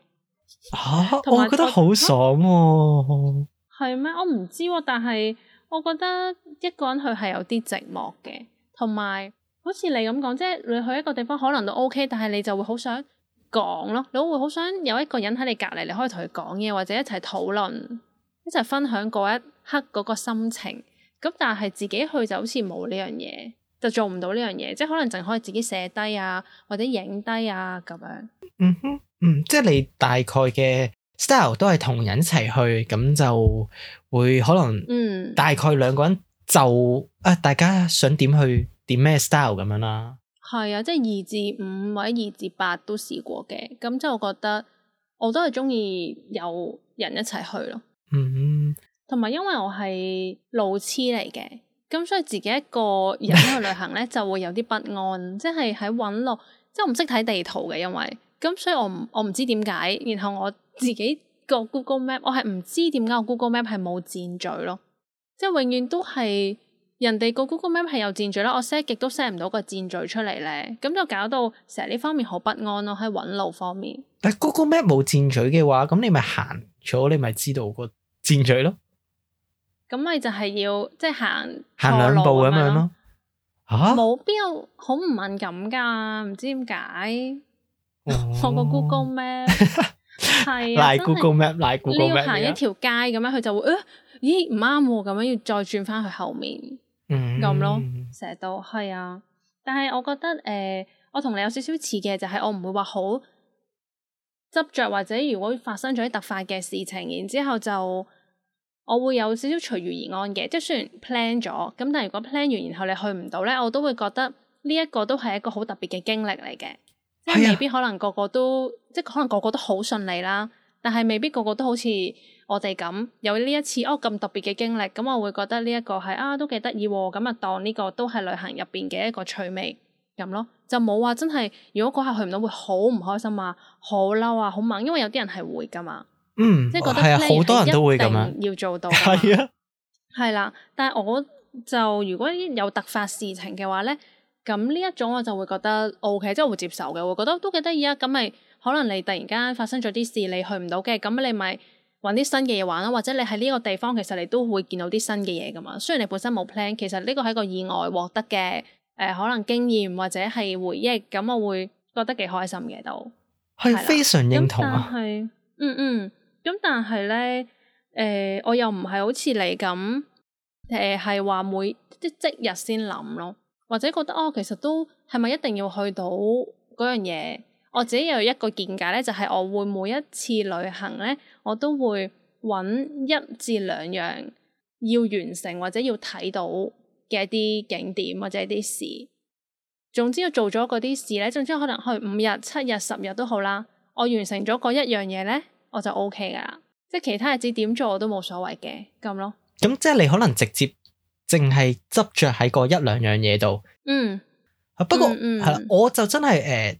吓，啊、有我覺得好爽喎、啊。係咩、啊？我唔知、啊，但係我覺得一個人去係有啲寂寞嘅，同埋好似你咁講，即係你去一個地方可能都 OK，但係你就會好想講咯，你會好想有一個人喺你隔籬，你可以同佢講嘢，或者一齊討論，一齊分享嗰一刻嗰個心情。咁但係自己去就好似冇呢樣嘢，就做唔到呢樣嘢，即係可能淨可以自己寫低啊，或者影低啊咁樣。嗯哼。嗯，即係你大概嘅 style 都係同人一齊去，咁就會可能，嗯，大概兩個人就、嗯、啊，大家想點去點咩 style 咁樣啦。係啊，即係二至五或者二至八都試過嘅，咁即係我覺得我都係中意有人一齊去咯。嗯，同埋因為我係路痴嚟嘅，咁所以自己一個人去旅行咧 (laughs) 就會有啲不安，即係喺揾路，即係我唔識睇地圖嘅，因為。咁所以我唔我唔知點解，然後我自己個 Google Map 我係唔知點解我 Google Map 係冇箭嘴咯，即係永遠都係人哋個 Google Map 係有箭嘴啦，我 set 極都 set 唔到個箭嘴出嚟咧，咁就搞到成日呢方面好不安咯，喺揾路方面。但係 Google Map 冇箭嘴嘅話，咁你咪行錯，你咪知道個箭嘴咯。咁咪就係要即係行行兩步咁樣咯。嚇、啊！冇必要好唔敏感噶，唔知點解。哦、我個 Go Google 咩、like？係在啊，真係你要行一條街咁樣，佢就會誒，咦唔啱咁樣，要再轉翻去後面咁、嗯、咯，成日都係啊。但係我覺得誒、呃，我同你有少少似嘅，就係、是、我唔會話好執着，或者如果發生咗啲突發嘅事情，然之後就我會有少少隨遇而安嘅，即係雖然 plan 咗，咁但係如果 plan 完然後你去唔到咧，我都會覺得呢一個都係一個好特別嘅經歷嚟嘅。即係未必可能個個都，哎、呀即係可能個個都好順利啦。但係未必個個都好似我哋咁有呢一次哦咁特別嘅經歷。咁我會覺得呢一個係啊都幾得意，咁啊當呢個都係旅行入邊嘅一個趣味咁咯。就冇話真係如果嗰下去唔到會好唔開心啊，好嬲啊，好猛。因為有啲人係會噶嘛，嗯，即係覺得好多人都會咁樣一定要做到。係啊，係啦。但係我就如果有突發事情嘅話咧。咁呢一種我就會覺得 OK，即係會接受嘅，會覺得都幾得意啊！咁咪可能你突然間發生咗啲事，你去唔到嘅，咁你咪揾啲新嘅嘢玩咯，或者你喺呢個地方其實你都會見到啲新嘅嘢噶嘛。雖然你本身冇 plan，其實呢個係一個意外獲得嘅誒、呃，可能經驗或者係回憶，咁我會覺得幾開心嘅。都係非常認同啊。係嗯嗯，咁、嗯、但係咧，誒、呃、我又唔係好似你咁誒，係、呃、話每即，即即日先諗咯。或者覺得哦，其實都係咪一定要去到嗰樣嘢？我自己有一個見解咧，就係我會每一次旅行咧，我都會揾一至兩樣要完成或者要睇到嘅一啲景點或者一啲事。總之我做咗嗰啲事咧，總之可能去五日、七日、十日都好啦。我完成咗嗰一樣嘢咧，我就 OK 噶啦。即係其他日子點做我都冇所謂嘅咁咯。咁即係你可能直接。淨係執着喺嗰一兩樣嘢度、嗯過嗯，嗯，不過係啦，我就真係誒，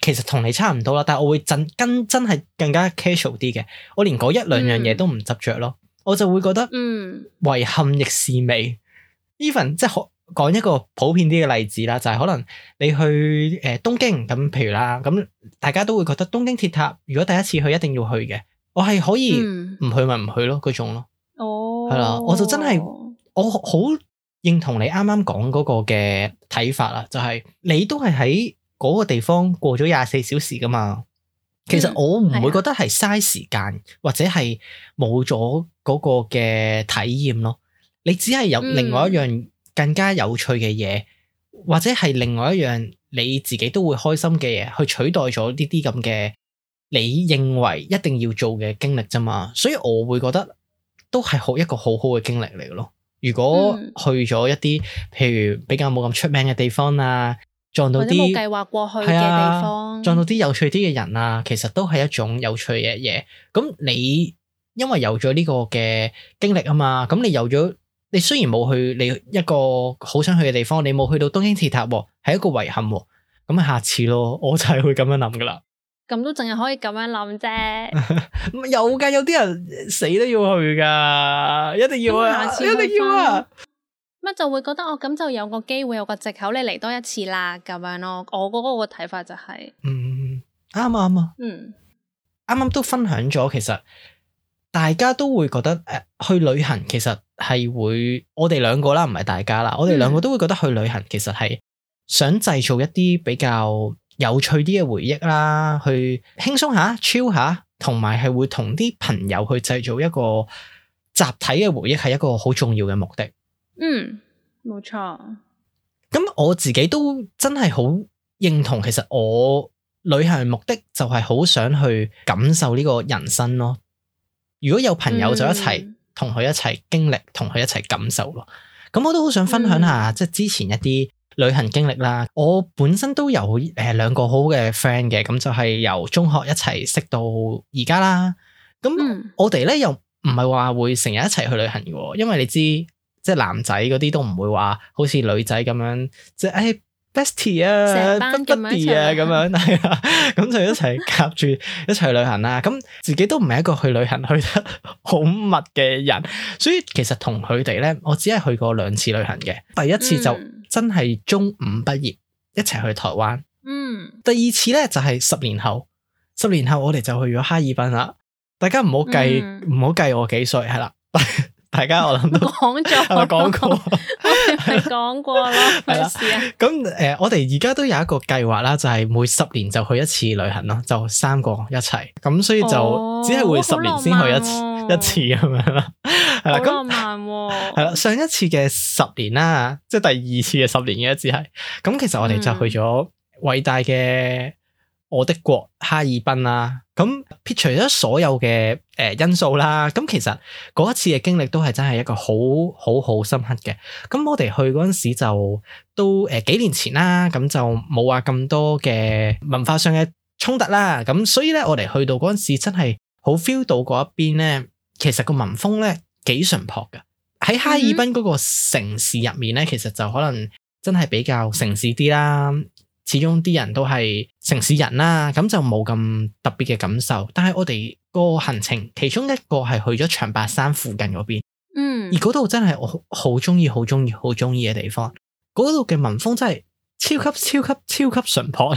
其實同你差唔多啦，但係我會跟真跟真係更加 casual 啲嘅，我連嗰一兩樣嘢都唔執着咯，我就會覺得遺憾亦是美。Even、嗯、即係講一個普遍啲嘅例子啦，就係、是、可能你去誒東京咁，譬如啦，咁大家都會覺得東京鐵塔，如果第一次去一定要去嘅，我係可以唔去咪唔去咯，嗰種咯，哦、嗯，係、嗯、啦，我就真係。哦哦我好認同你啱啱講嗰個嘅睇法啦，就係你都係喺嗰個地方過咗廿四小時噶嘛其實我唔會覺得係嘥時間或者係冇咗嗰個嘅體驗咯。你只係有另外一樣更加有趣嘅嘢，或者係另外一樣你自己都會開心嘅嘢去取代咗呢啲咁嘅你認為一定要做嘅經歷啫嘛。所以我會覺得都係好一個好好嘅經歷嚟嘅咯。如果去咗一啲，譬如比較冇咁出名嘅地方啊，撞到啲冇計劃過去嘅地方，撞到啲有趣啲嘅人啊，其實都係一種有趣嘅嘢。咁你因為有咗呢個嘅經歷啊嘛，咁你有咗，你雖然冇去你一個好想去嘅地方，你冇去到東京鐵塔喎，啊，係一個遺憾喎。咁啊，下次咯，我就係會咁樣諗噶啦。咁都淨係可以咁樣諗啫， (laughs) 有噶，有啲人死都要去噶，一定要啊，下次一定要啊，咁就會覺得我咁、哦、就有個機會有個藉口，你嚟多一次啦，咁樣咯。我嗰個個睇法就係、是，嗯，啱啱啊，啊嗯，啱啱都分享咗，其實大家都會覺得誒、呃，去旅行其實係會，我哋兩個啦，唔係大家啦，嗯、我哋兩個都會覺得去旅行其實係想製造一啲比較。有趣啲嘅回憶啦，去輕鬆下、chill 下，同埋係會同啲朋友去製造一個集體嘅回憶，係一個好重要嘅目的。嗯，冇錯。咁我自己都真係好認同，其實我旅行嘅目的就係好想去感受呢個人生咯。如果有朋友就一齊同佢一齊經歷，同佢、嗯、一齊感受咯。咁我都好想分享下，嗯、即係之前一啲。旅行經歷啦，我本身都有誒兩個好嘅 friend 嘅，咁就係由中學一齊識到而家啦。咁我哋咧、嗯、又唔係話會成日一齊去旅行嘅，因為你知即係男仔嗰啲都唔會話好似女仔咁樣即係、就是哎、bestie 啊、整班 bestie 啊咁樣，係啊，咁就一齊夾住一齊去旅行啦。咁自己都唔係一個去旅行去得好密嘅人，所以其實同佢哋咧，我只係去過兩次旅行嘅，第一次就。嗯真係中五畢業一齊去台灣。嗯，第二次呢，就係、是、十年後，十年後我哋就去咗哈爾濱啦。大家唔好計，唔好計我幾歲係啦。大家我諗都講咗，講 (laughs) 過好似係講過咯。係啦 (laughs) 了，咁誒、啊呃，我哋而家都有一個計劃啦，就係、是、每十年就去一次旅行咯，就三個一齊。咁所以就只係會十年先去一次。哦哦一次咁樣啦，係啦 (laughs) 了，咁係啦，上一次嘅十年啦，即係第二次嘅十年嘅一次係，咁其實我哋就去咗偉大嘅我的國哈爾濱啦，咁、嗯、撇除咗所有嘅誒因素啦，咁其實嗰一次嘅經歷都係真係一個好好好深刻嘅，咁我哋去嗰陣時就都誒幾年前啦，咁就冇話咁多嘅文化上嘅衝突啦，咁所以咧我哋去到嗰陣時真係好 feel 到嗰一邊咧。其實個民風咧幾淳樸噶，喺哈爾濱嗰個城市入面咧，其實就可能真係比較城市啲啦。始終啲人都係城市人啦,咁就冇咁特別嘅感受。但係我哋個行程其中一個係去咗長白山附近嗰邊，嗯，而嗰度真係我好中意、好中意、好中意嘅地方。嗰度嘅民風真係，超級超級超級淳樸，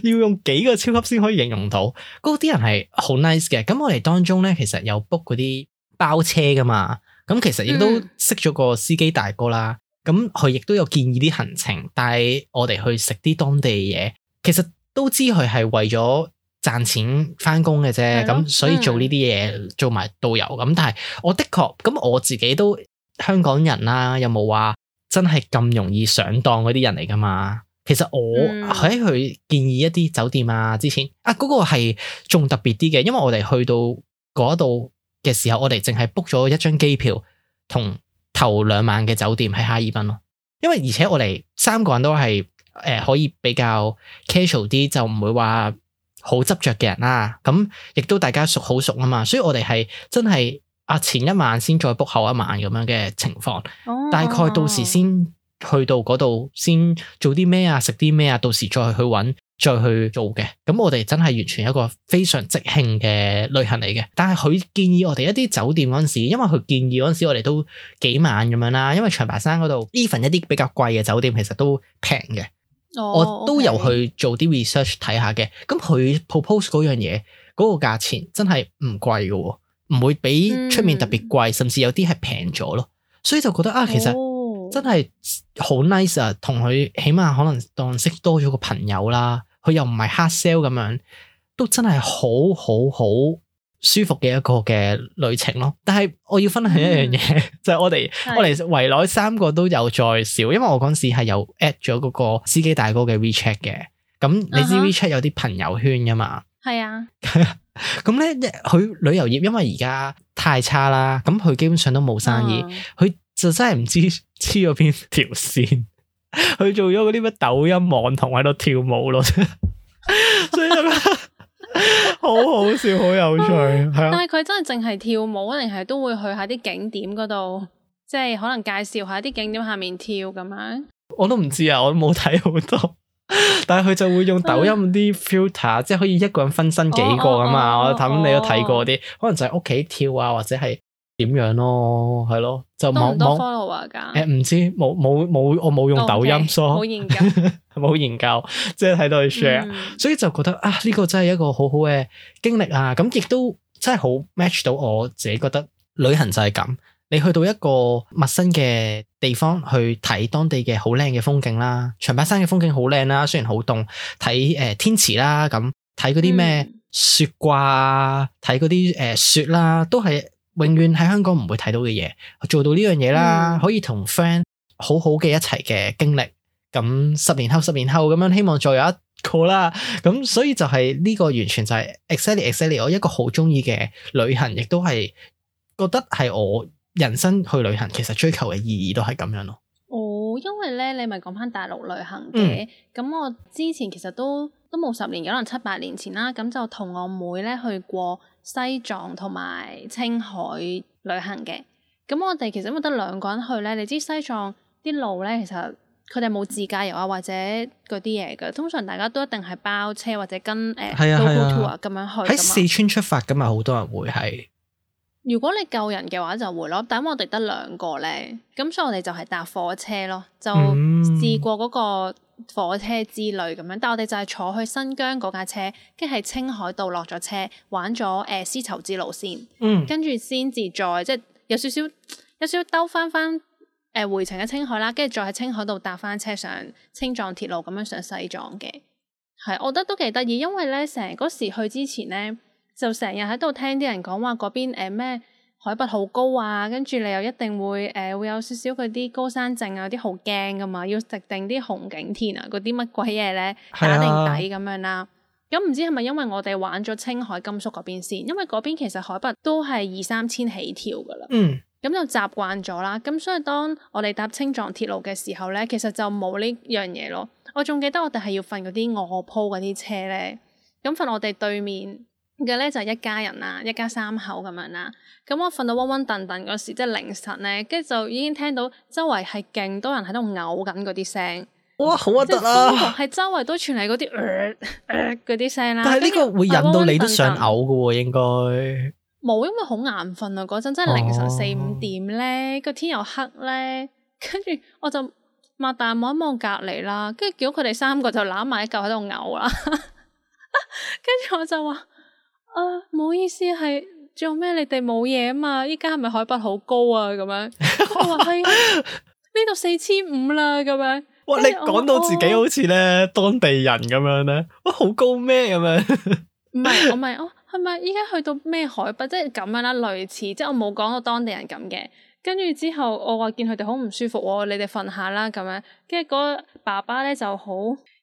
(laughs) 要用幾個超級先可以形容到。嗰啲人係好 nice 嘅。咁我哋當中咧，其實有 book 嗰啲包車噶嘛。咁其實亦都識咗個司機大哥啦。咁佢亦都有建議啲行程，帶我哋去食啲當地嘢。其實都知佢係為咗賺錢返工嘅啫。咁的所以做呢啲嘢，嗯、做埋導遊咁。但係我的確，咁我自己都香港人啦，有冇話？真係咁容易上當嗰啲人嚟噶嘛？其實我喺佢建議一啲酒店啊，之前啊，嗰個係仲特別啲嘅。因為我哋去到嗰度嘅時候，我哋淨係 book 咗一張機票同頭兩晚嘅酒店喺哈爾濱咯。因為而且我哋三個人都係誒、呃、可以比較 casual 啲，就唔會話好執著嘅人啦。咁亦都大家熟好熟啊嘛，所以我哋係真係。啊！前一晚先再 book 後一晚咁樣嘅情況，oh. 大概到時先去到嗰度先做啲咩啊，食啲咩啊，到時再去揾再去做嘅。咁我哋真係完全一個非常即興嘅旅行嚟嘅。但係佢建議我哋一啲酒店嗰陣時，因為佢建議嗰陣時我哋都幾晚咁樣啦。因為長白山嗰度，even 一啲比較貴嘅酒店其實都平嘅。Oh, okay. 我都有去做啲 research 睇下嘅。咁佢 propose 嗰樣嘢，嗰個價錢真係唔貴嘅。唔會比出面特別貴，嗯、甚至有啲係平咗咯，所以就覺得啊，其實真係好 nice 啊，同佢起碼可能當識多咗個朋友啦，佢又唔係 hard sell 咁樣，都真係好好好舒服嘅一個嘅旅程咯。但係我要分享一,一樣嘢，嗯、 (laughs) 就係我哋的我哋圍內三個都有再笑，因為我嗰時係有 at 咗嗰個司機大哥嘅 WeChat 嘅，咁你知 WeChat 有啲朋友圈噶嘛？嗯係啊，咁咧佢旅遊業因為而家太差啦，咁佢基本上都冇生意，佢就真係唔知黐咗邊條線，佢做咗嗰啲乜抖音網紅喺度跳舞咯，所以咁樣好好笑，好有趣，係啊。但係佢真係淨係跳舞，定係都會去下啲景點嗰度，即係可能介紹下啲景點下面跳咁樣？我都唔知啊，我都冇睇好多。 (laughs) 但係佢就會用抖音啲 filter，、哦、即係可以一個人分身幾個咁嘛。哦哦、我諗你都睇過啲，哦、可能就喺屋企跳啊，或者係點樣咯、啊，係咯，就冇 follow 㗎誒，唔、er 欸、知冇冇冇，我冇用抖音，okay，所以冇研究，即係睇到佢 share，、嗯、所以就覺得啊，呢、這個真係一個好好嘅經歷啊！咁亦都真係好 match 到我自己覺得旅行就係咁。你去到一個陌生嘅地方，去睇當地嘅好靚嘅風景啦，長白山嘅風景好靚啦，雖然好凍，睇誒、呃、天池啦，咁睇嗰啲咩雪掛，睇嗰啲誒雪啦，都係永遠喺香港唔會睇到嘅嘢。做到呢樣嘢啦，嗯、可以同 friend 好好嘅一齊嘅經歷。咁十年後、十年後咁樣，希望再有一個啦。咁所以就係、是、呢、這個完全就係 e x c t i n e x c t i n 我一個好中意嘅旅行，亦都係覺得係我。人生去旅行其實追求嘅意義都係咁樣咯。哦，因為咧，你咪講翻大陸旅行嘅，咁、嗯、我之前其實都都冇十年，有可能七八年前啦，咁就同我妹咧去過西藏同埋青海旅行嘅。咁我哋其實冇得兩個人去咧，你知西藏啲路咧，其實佢哋冇自駕遊啊，或者嗰啲嘢嘅，通常大家都一定係包車或者跟誒 local tour 咁樣去。喺、啊啊、四川出發噶嘛，好多人會係。嗯如果你救人嘅話就回囉，等我哋得兩個咧，咁所以我哋就係搭火車咯，就試過嗰個火車之旅咁樣，嗯、但我哋就係坐去新疆嗰架車，跟住喺青海度落咗車，玩咗誒、呃、絲綢之路先，嗯、跟住先至再即係、就是、有少少有少少兜翻翻誒回程嘅青海啦，跟住再喺青海度搭翻車上青藏鐵路咁樣上西藏嘅，係我覺得都幾得意，因為咧成日嗰時去之前咧。就成日喺度聽啲人講話嗰邊誒咩海拔好高啊，跟住你又一定會誒、呃、會有少少嗰啲高山症啊，啲好驚噶嘛，要食定啲紅景天啊，嗰啲乜鬼嘢咧打定底咁樣啦、啊。咁唔、嗯、知係咪因為我哋玩咗青海甘肅嗰邊先？因為嗰邊其實海拔都係二三千起跳噶啦。嗯。咁就習慣咗啦。咁、啊、所以當我哋搭青藏鐵路嘅時候咧，其實就冇呢樣嘢咯。我仲記得我哋係要瞓嗰啲臥鋪嗰啲車咧，咁瞓我哋對面。嘅咧就係一家人啦，一家三口咁樣啦。咁我瞓到渾渾沌沌嗰時，即係凌晨咧，跟住就已經聽到周圍係勁多人喺度嘔緊嗰啲聲。哇！好核突啊！係周圍都傳嚟嗰啲嗰啲聲啦。但係呢個會引到你都想嘔㗎喎，應該冇，因為好眼瞓啊。嗰陣真係凌晨四五點咧，個天又黑咧，跟住我就擘大眼望一望隔離啦，跟住見到佢哋三個就攬埋一嚿喺度嘔啦。跟 (laughs) 住我就話。啊，唔好意思，係做咩？你哋冇嘢啊嘛？依家係咪海拔好高啊？咁樣， (laughs) 我話係呢度四千五啦，咁、哦、樣。哇！你講、 (laughs) 啊、到自己好似咧當地人咁樣咧，好高咩？咁樣唔係，我唔哦，我係咪依家去到咩海拔？即係咁樣啦，類似即係我冇講到當地人咁嘅。跟住之後，我話見佢哋好唔舒服，你哋瞓下啦咁樣。跟住嗰爸爸咧就好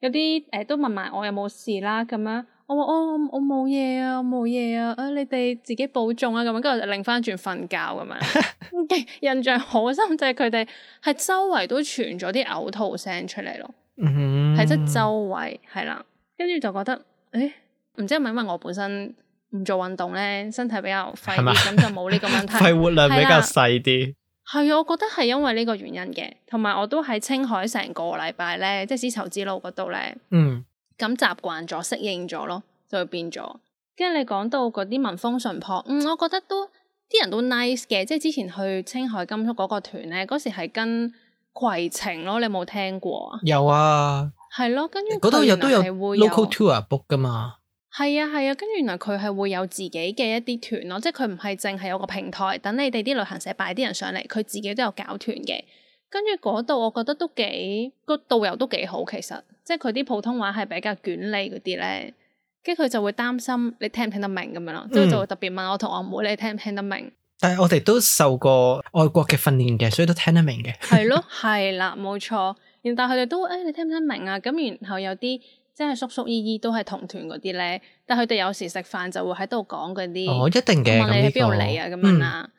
有啲誒、呃，都問埋我有冇事啦咁樣。我話、哦、我我冇嘢啊，我冇嘢啊，誒、啊、你哋自己保重啊，咁跟住就擰翻轉瞓覺咁樣。轉轉樣 (laughs) (laughs) 印象好深就係佢哋係周圍都傳咗啲嘔吐聲出嚟咯，喺得、嗯、周圍係啦，跟住就覺得誒，唔、欸、知係咪因為我本身唔做運動咧，身體比較廢，咁是吧 (laughs) 就冇呢個問題，肺 (laughs) 活量比較細啲。係啊，我覺得係因為呢個原因嘅，同埋我都喺青海成個禮拜咧，即係絲綢之路嗰度咧，嗯。咁習慣咗，適應咗咯，就會變咗。跟住你講到嗰啲民風淳樸，嗯，我覺得都啲人都 nice 嘅。即係之前去青海甘肅嗰個團咧，嗰時係跟攜程咯，你有冇聽過啊？有啊，係咯，跟住嗰度又都有 local tour book 噶嘛？係啊係啊，跟住原來佢係會有自己嘅一啲團、啊啊、團咯，即係佢唔係淨係有個平台等你哋啲旅行社擺啲人上嚟，佢自己都有搞團嘅。跟住嗰度我覺得都幾個導遊都幾好，其實。即係佢啲普通話係比較捲利嗰啲咧，跟住佢就會擔心你聽唔聽得明咁樣咯，所以、嗯、就會特別問我同我妹妹你聽唔聽得明？但係我哋都受過外國嘅訓練嘅，所以都聽得明嘅。係 (laughs) 咯，係啦，冇錯但、哎聽聽。然後佢哋都誒，你聽唔聽得明啊？咁然後有啲即係叔叔姨姨都係同團嗰啲咧，但係佢哋有時食飯就會喺度講嗰啲。我、哦、一定嘅，問你喺邊度嚟啊？咁樣啊？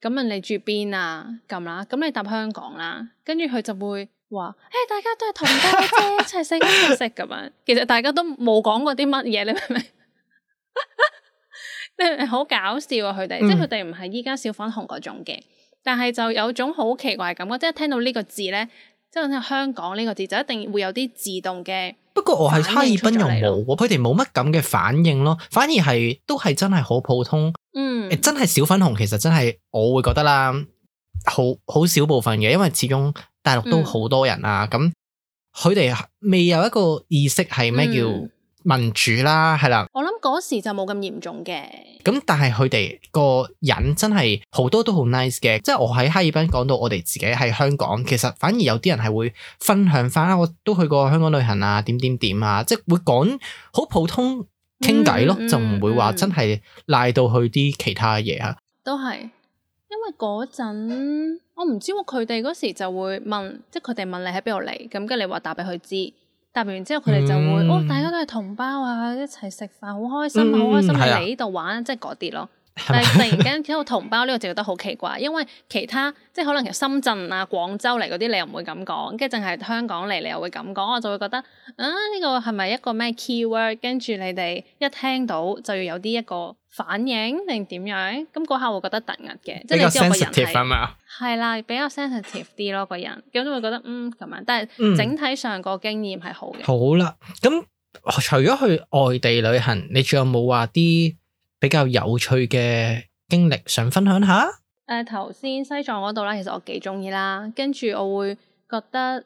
咁、嗯、問你住邊啊？咁啦？咁你搭香港啦？跟住佢就會。話誒、欸，大家都係同家姐 (laughs) 一齊食咁樣，其實大家都冇講過啲乜嘢，你明唔明？你明好搞笑啊！佢哋、嗯、即係佢哋唔係依家小粉紅嗰種嘅，但係就有種好奇怪嘅感覺，即係聽到呢個字咧，即係好似香港呢個字就一定會有啲自動嘅。不過我係哈爾濱又冇，佢哋冇乜咁嘅反應咯，反而係都係真係好普通。嗯，欸、真係小粉紅，其實真係我會覺得啦，好好少部分嘅，因為始終。大陸都好多人啊，咁佢哋未有一個意識係咩叫民主啦、啊，係啦、嗯。的我諗嗰時就冇咁嚴重嘅。咁但係佢哋個人真係好多都好 nice 嘅，即係我喺哈爾濱講到我哋自己喺香港，其實反而有啲人係會分享翻，我都去過香港旅行啊，點點點啊，即係會講好普通傾偈咯，嗯嗯、就唔會話真係賴到去啲其他嘢嚇、啊。都係。因為嗰陣我唔知喎，佢哋嗰時就會問，即係佢哋問你喺邊度嚟，咁跟住你話答俾佢知，答完之後佢哋就會，嗯、哦，大家都係同胞啊，一齊食飯好開心，好、嗯、開心嚟呢度玩，即係嗰啲咯。但係突然間一個同胞呢個就覺得好奇怪，因為其他即係可能其實深圳啊、廣州嚟嗰啲你又唔會咁講，跟住淨係香港嚟你又會咁講，我就會覺得啊，呢個係咪一個咩 keyword？跟住你哋一聽到就要有啲一個反應，定點樣？咁嗰下會覺得突兀嘅，較即係你知我個人係啦，比較 sensitive 啲咯吧個人，咁就會覺得嗯咁樣。但係整體上個經驗係好嘅、嗯。好啦，咁除咗去外地旅行，你仲有冇話啲？比較有趣嘅經歷想分享下，誒頭先西藏嗰度啦，其實我幾中意啦，跟住我會覺得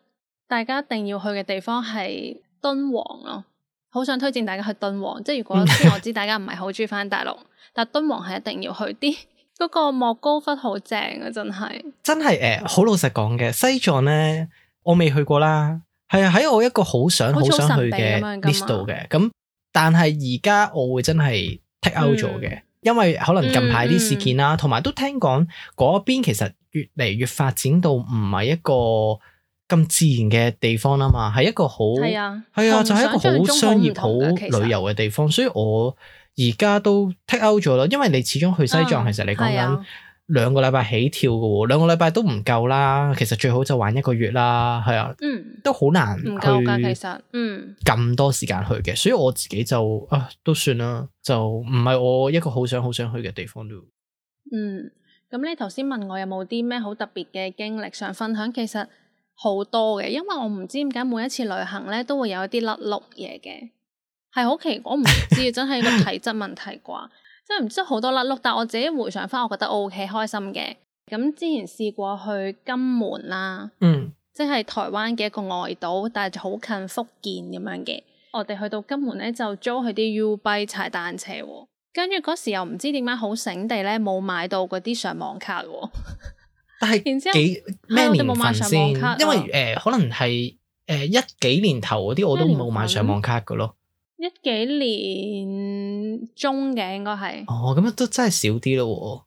大家一定要去嘅地方係敦煌咯，好想推薦大家去敦煌，即係如果我知大家唔係好中意翻大陸， (laughs) 但敦煌係一定要去啲，嗰、嗰個莫高窟好正啊，真係真係誒，好、呃、老實講嘅西藏咧，我未去過啦，係啊喺我一個好想好想去嘅嘅，咁但係而家我會真係。take out 咗嘅，嗯、因為可能近排啲事件啦，同埋、嗯、都聽講嗰邊其實越嚟越發展到唔係一個咁自然嘅地方啊嘛，係一個好係啊，係啊，就係一個好商業、好旅遊嘅地方，嗯、所以我而家都 take out 咗咯，因為你始終去西藏，嗯、其實你講緊。兩個禮拜起跳嘅，兩個禮拜都唔夠啦。其實最好就玩一個月啦，係啊，嗯，都好難去。唔夠㗎，其實嗯咁多時間去嘅，嗯，所以我自己就啊都算啦，就唔係我一個好想好想去嘅地方咯。嗯，咁你頭先問我有冇啲咩好特別嘅經歷想分享，其實好多嘅，因為我唔知點解每一次旅行咧都會有一啲甩碌嘢嘅。係好奇我唔知 (laughs) 真係個體質問題啩。即係唔知好多甩碌，但係我自己回想翻，我覺得 OK 開心嘅。咁之前試過去金門啦，嗯，即係台灣嘅一個外島，但係就好近福建咁樣嘅。我哋去到金門咧，就租佢啲 U bike 踩單車，跟住嗰時又唔知點解好醒地咧，冇買到嗰啲上網卡。但係，然之後幾咩、哦、冇買上網卡、咩年份？因為誒、呃，可能係誒、呃、一幾年頭嗰啲，我都冇買上網卡嘅咯。一幾年中嘅應該係，哦咁樣都真係少啲咯。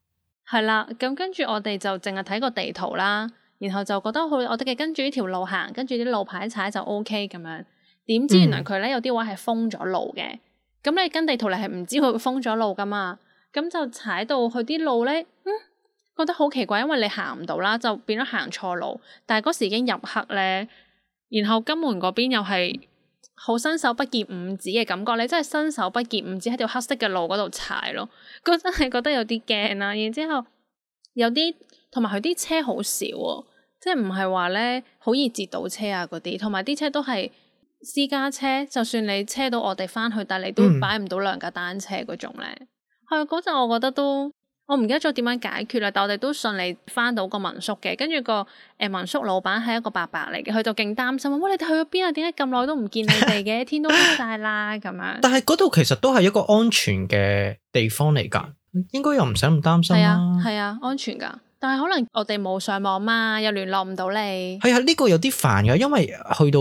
係啦，咁跟住我哋就淨係睇個地圖啦，然後就覺得好，我哋嘅，跟住呢條路行，跟住啲路牌踩就 OK 咁樣。點知原來佢咧有啲位係封咗路嘅，咁、嗯、你跟地圖你係唔知佢封咗路噶嘛？咁就踩到去啲路咧、嗯，覺得好奇怪，因為你行唔到啦，就變咗行錯路。但係嗰時已經入黑咧，然後金門嗰邊又係。好伸手不見五指嘅感覺，你真係伸手不見五指喺條黑色嘅路嗰度踩咯，真係覺得有啲驚啦。然之後有啲同埋佢啲車好少喎，即係唔係話咧好易截到車啊嗰啲，同埋啲車都係私家車，就算你車到我哋翻去，但係你都擺唔到兩架單車嗰種咧。係嗰陣我覺得都。我唔記得咗點樣解決啦，但我哋都順利翻到個民宿嘅。跟住、個誒、呃、民宿老闆係一個伯伯嚟嘅，去到勁擔心，喂，你哋去咗邊啊？點解咁耐都唔見你哋嘅？天都黑晒啦咁樣。但係嗰度其實都係一個安全嘅地方嚟㗎，應該又唔使咁擔心啦。係啊，係啊，安全㗎。但係可能我哋冇上網嘛，又聯絡唔到你。係啊，呢個有啲煩㗎，因為去到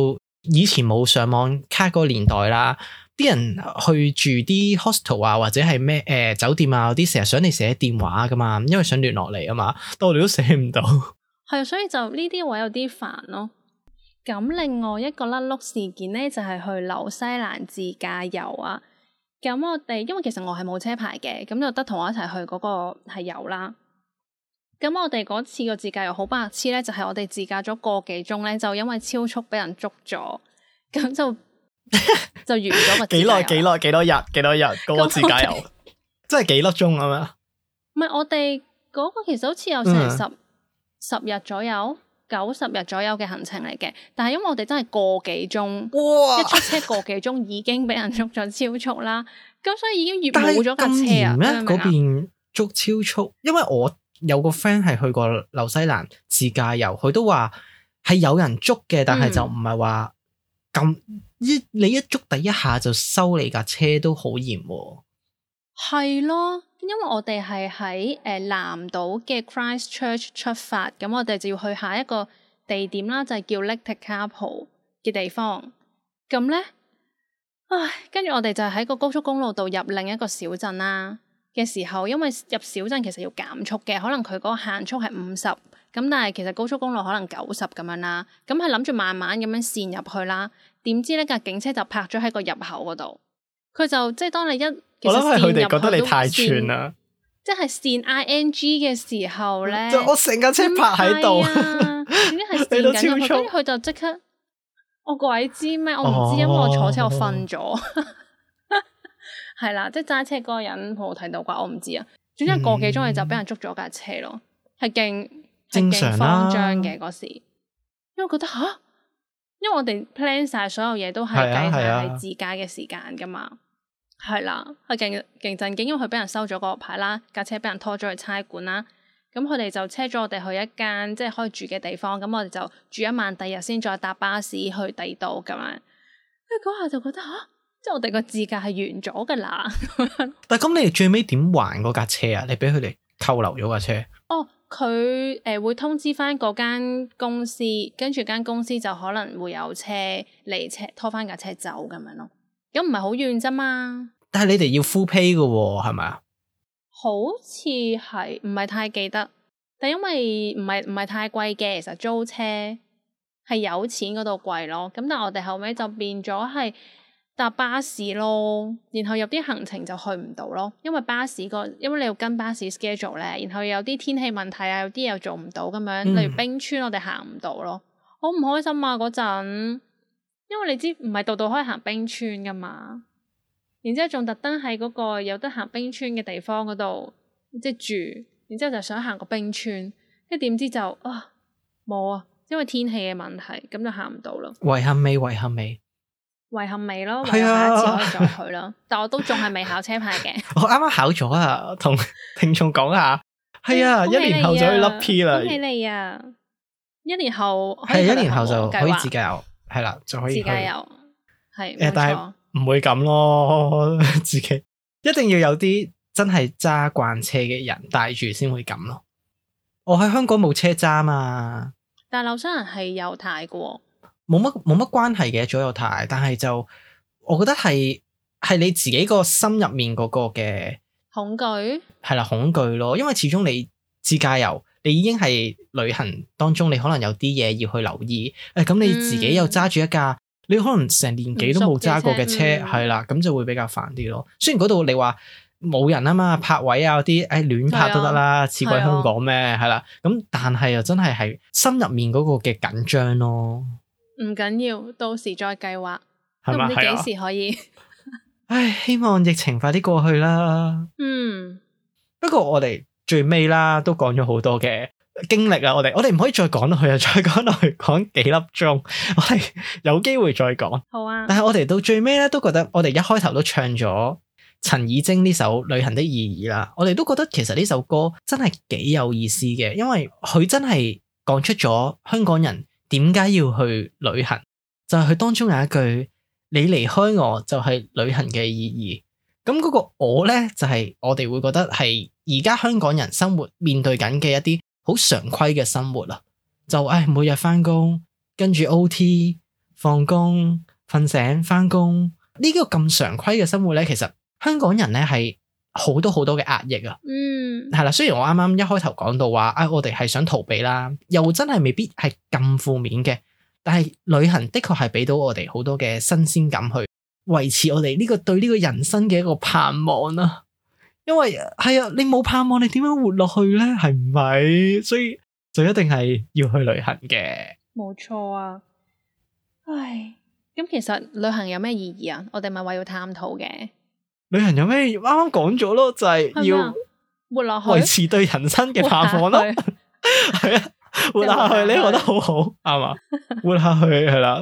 以前冇上網卡嗰個年代啦。啲人去住啲 hostel 啊，或者係咩誒酒店啊，啲成日想你寫電話噶嘛，因為想聯絡你啊嘛，到你都寫唔到。係啊，所以就呢啲位有啲煩咯。咁另外一個甩碌事件呢，就係、是、去紐西蘭自駕遊啊。咁我哋因為其實我係冇車牌嘅，咁就得同我一齊去嗰個係遊啦。咁我哋嗰次個自駕遊好白痴呢，就係、是、我哋自駕咗個幾鐘呢，就因為超速俾人捉咗，咁就。 (laughs) 就完咗個幾耐？幾耐？ (laughs) 幾多日？幾多日？嗰個自駕遊，真係幾粒鐘咁樣。唔係我哋嗰個，其實好似有成十十日左右，九十日左右嘅行程嚟嘅。但係因為我哋真係個幾鐘，哇！一出車個幾鐘已經俾人捉咗超速啦。咁哇所以已經越冇咗架車啊。嗰邊捉超速，因為我有個 friend 係去過紐西蘭自駕遊，佢都話係有人捉嘅，但係就唔係話咁。 (laughs) 一你一捉第一下就收你架車都好嚴喎，係咯，因為我哋係喺誒南島嘅 Christchurch 出發，咁我哋就要去下一個地點啦，就係叫 Lake Tekapo 嘅地方，咁咧，唉，跟住我哋就喺個高速公路度入另一個小鎮啦嘅時候，因為入小鎮其實要減速嘅，可能佢嗰個限速係五十。咁但係其實高速公路可能九十咁樣啦，咁係諗住慢慢咁樣線入去啦，點知呢架警車就泊咗喺個入口嗰度，佢就即係當你一，其實我諗係佢哋覺得你太串啦，即係線 ing 嘅時候咧，就我成架車泊喺度，點解係線緊咁？佢 (laughs) 超就即刻、， (laughs) 哦、刻，我鬼知咩？我唔知，哦、因為我坐車我瞓咗，係啦，即係揸車嗰個人我睇到啩，我唔知啊。嗯嗯、總之個幾鐘你就俾人捉咗架車咯，係勁。正勁慌張嘅嗰時，因為覺得吓、啊，因為我哋 plan 晒所有嘢都係計喺自駕嘅時間噶嘛，係啦、啊，佢勁勁震驚，因為佢俾人收咗個牌啦，架車俾人拖咗去差館啦，咁佢哋就車咗我哋去一間即係可以住嘅地方，咁我哋就住一晚，第二日先再搭巴士去地道咁樣。佢嗰下就覺得吓、啊，即係我哋 (laughs) 個自駕係完咗噶啦。但係咁，你哋最尾點還嗰架車啊？你俾佢哋扣留咗架車。哦。佢誒、呃、會通知翻嗰間公司，跟住間公司就可能會有車嚟車拖翻架車走咁樣咯。咁唔係好遠啫嘛。但係你哋要 full pay 嘅喎、哦，係咪啊？好似係，唔係太記得，但因為唔係唔係太貴嘅，其實租車係有錢嗰度貴咯。咁但係我哋後尾就變咗係。搭巴士咯，然後有啲行程就去唔到咯，因為巴士個，因為你要跟巴士 schedule 咧，然後有啲天氣問題啊，有啲又做唔到咁樣。嗯、例如冰川，我哋行唔到咯，好唔開心啊嗰陣，因為你知唔係度度可以行冰川噶嘛。然之後仲特登喺嗰個有得行冰川嘅地方嗰度即係住，然之後就想行個冰川，跟點知就啊冇啊，因為天氣嘅問題，咁就行唔到咯。遺憾未？遺憾未？遺憾未咯，是呀 下次可以再去咯。但我都仲係未考車牌嘅 (laughs) 。我啱啱考咗啊，同聽眾講下。係啊，一年後就可以甩 P 啦。恭喜，啊、恭喜你啊！一年後係一年後就可以自駕遊，係啦，就可以自駕遊。係，但係唔會咁咯。自己一定要有啲真係揸慣車嘅人帶住先會咁咯。我喺香港冇車揸嘛。但係留深人係有帶嘅。冇乜冇乜關係嘅左右太，但係就我覺得係係你自己心個心入面嗰個嘅恐懼係啦恐懼咯，因為始終你自駕遊，你已經係旅行當中，你可能有啲嘢要去留意。誒、哎，咁你自己又揸住一架，嗯、你可能成年幾都冇揸過嘅車，係啦，咁就會比較煩啲咯。雖然嗰度你話冇人啊嘛，泊位啊啲，誒亂泊都得啦，似的鬼香港咩？係啦的，咁但係又真係係心入面嗰個嘅緊張咯。唔緊要，到時再計劃，吧都唔知幾時可以、啊。 (laughs) 唉，希望疫情快啲過去啦。嗯，不過我哋最尾啦，都講咗好多嘅經歷啦。我哋我哋唔可以再講落去啊！再講落去，講幾粒鐘，我哋有機會再講。好啊！但係我哋到最尾咧，都覺得我哋一開頭都唱咗陳綺貞呢首《旅行的意義》啦。我哋都覺得其實呢首歌真係幾有意思嘅，因為佢真係講出咗香港人。點解要去旅行？就係、是、佢當中有一句：你離開我就係旅行嘅意義。咁嗰個我咧就係、是、我哋會覺得係而家香港人生活面對緊嘅一啲好常規嘅生活啦。就唉、哎，每日翻工，跟住 OT，放工，瞓醒，翻工。呢、這、幾個咁常規嘅生活咧，其實香港人咧係。好多好多嘅壓抑啊，嗯，係啦。雖然我啱啱一開頭講到話，誒、哎，我哋係想逃避啦，又真係未必係咁負面嘅。但係旅行的確係俾到我哋好多嘅新鮮感，去維持我哋呢個對呢個人生嘅一個盼望啊。因為係啊，你冇盼望你，你點樣活落去咧？係唔係？所以就一定係要去旅行嘅。冇錯啊。唉，咁其實旅行有咩意義啊？我哋咪話要探討嘅。旅行有咩啱啱講咗咯，就係要活落去，維持對人生嘅盼望咯，係啊，活落去，你覺得好好啱？啊？活落去係啦，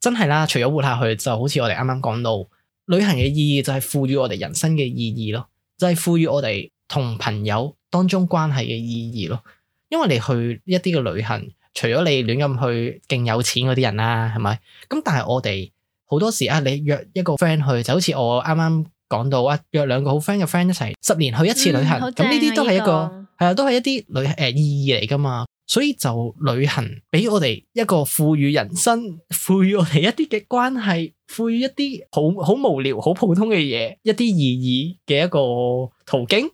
真係啦，除咗活落去，就好似我哋啱啱講到，旅行嘅意義就係賦予我哋人生嘅意義咯，就係賦予我哋同朋友當中關係嘅意義咯，因為你去一啲嘅旅行，除咗你亂咁去勁有錢嗰啲人啦，係咪？咁但係我哋好多時啊，你約一個 friend 去，就好似我啱啱。講到話約兩個好 friend 嘅 friend 一齊十年去一次旅行，咁呢啲都係一個係啊，都係一啲旅誒意義嚟噶嘛。所以就旅行俾我哋一個賦予人生、賦予我哋一啲嘅關係、賦予一啲好好無聊、好普通嘅嘢一啲意義嘅一個途徑。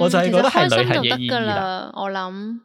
我就係覺得係旅行嘅意義。我諗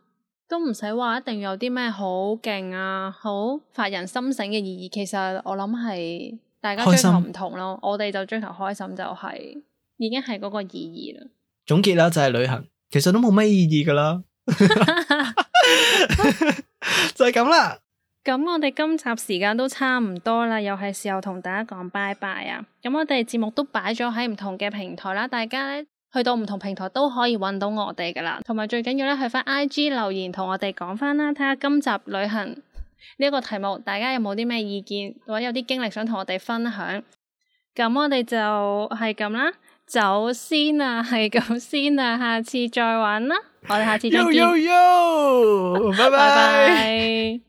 都唔使話，一定要有啲咩好勁啊，好發人心醒嘅意義。其實我諗係。大家追求唔同咯，心我哋就追求開心、就是，就係已經係嗰個意義啦。總結啦，就係、是、旅行，其實都冇咩意義噶啦， (laughs) (laughs) (laughs) 就係咁啦。咁我哋今集時間都差唔多啦，又係時候同大家講拜拜啊！咁我哋節目都擺咗喺唔同嘅平台啦，大家咧去到唔同平台都可以揾到我哋噶啦。同埋最緊要咧，去翻 I G 留言同我哋講翻啦，睇下今集旅行。呢一個題目，大家有冇啲咩意見，或者有啲經歷想同我哋分享？咁我哋就係咁啦，走先啦，係咁先啊，下次再玩啦，我哋下次再見，拜拜。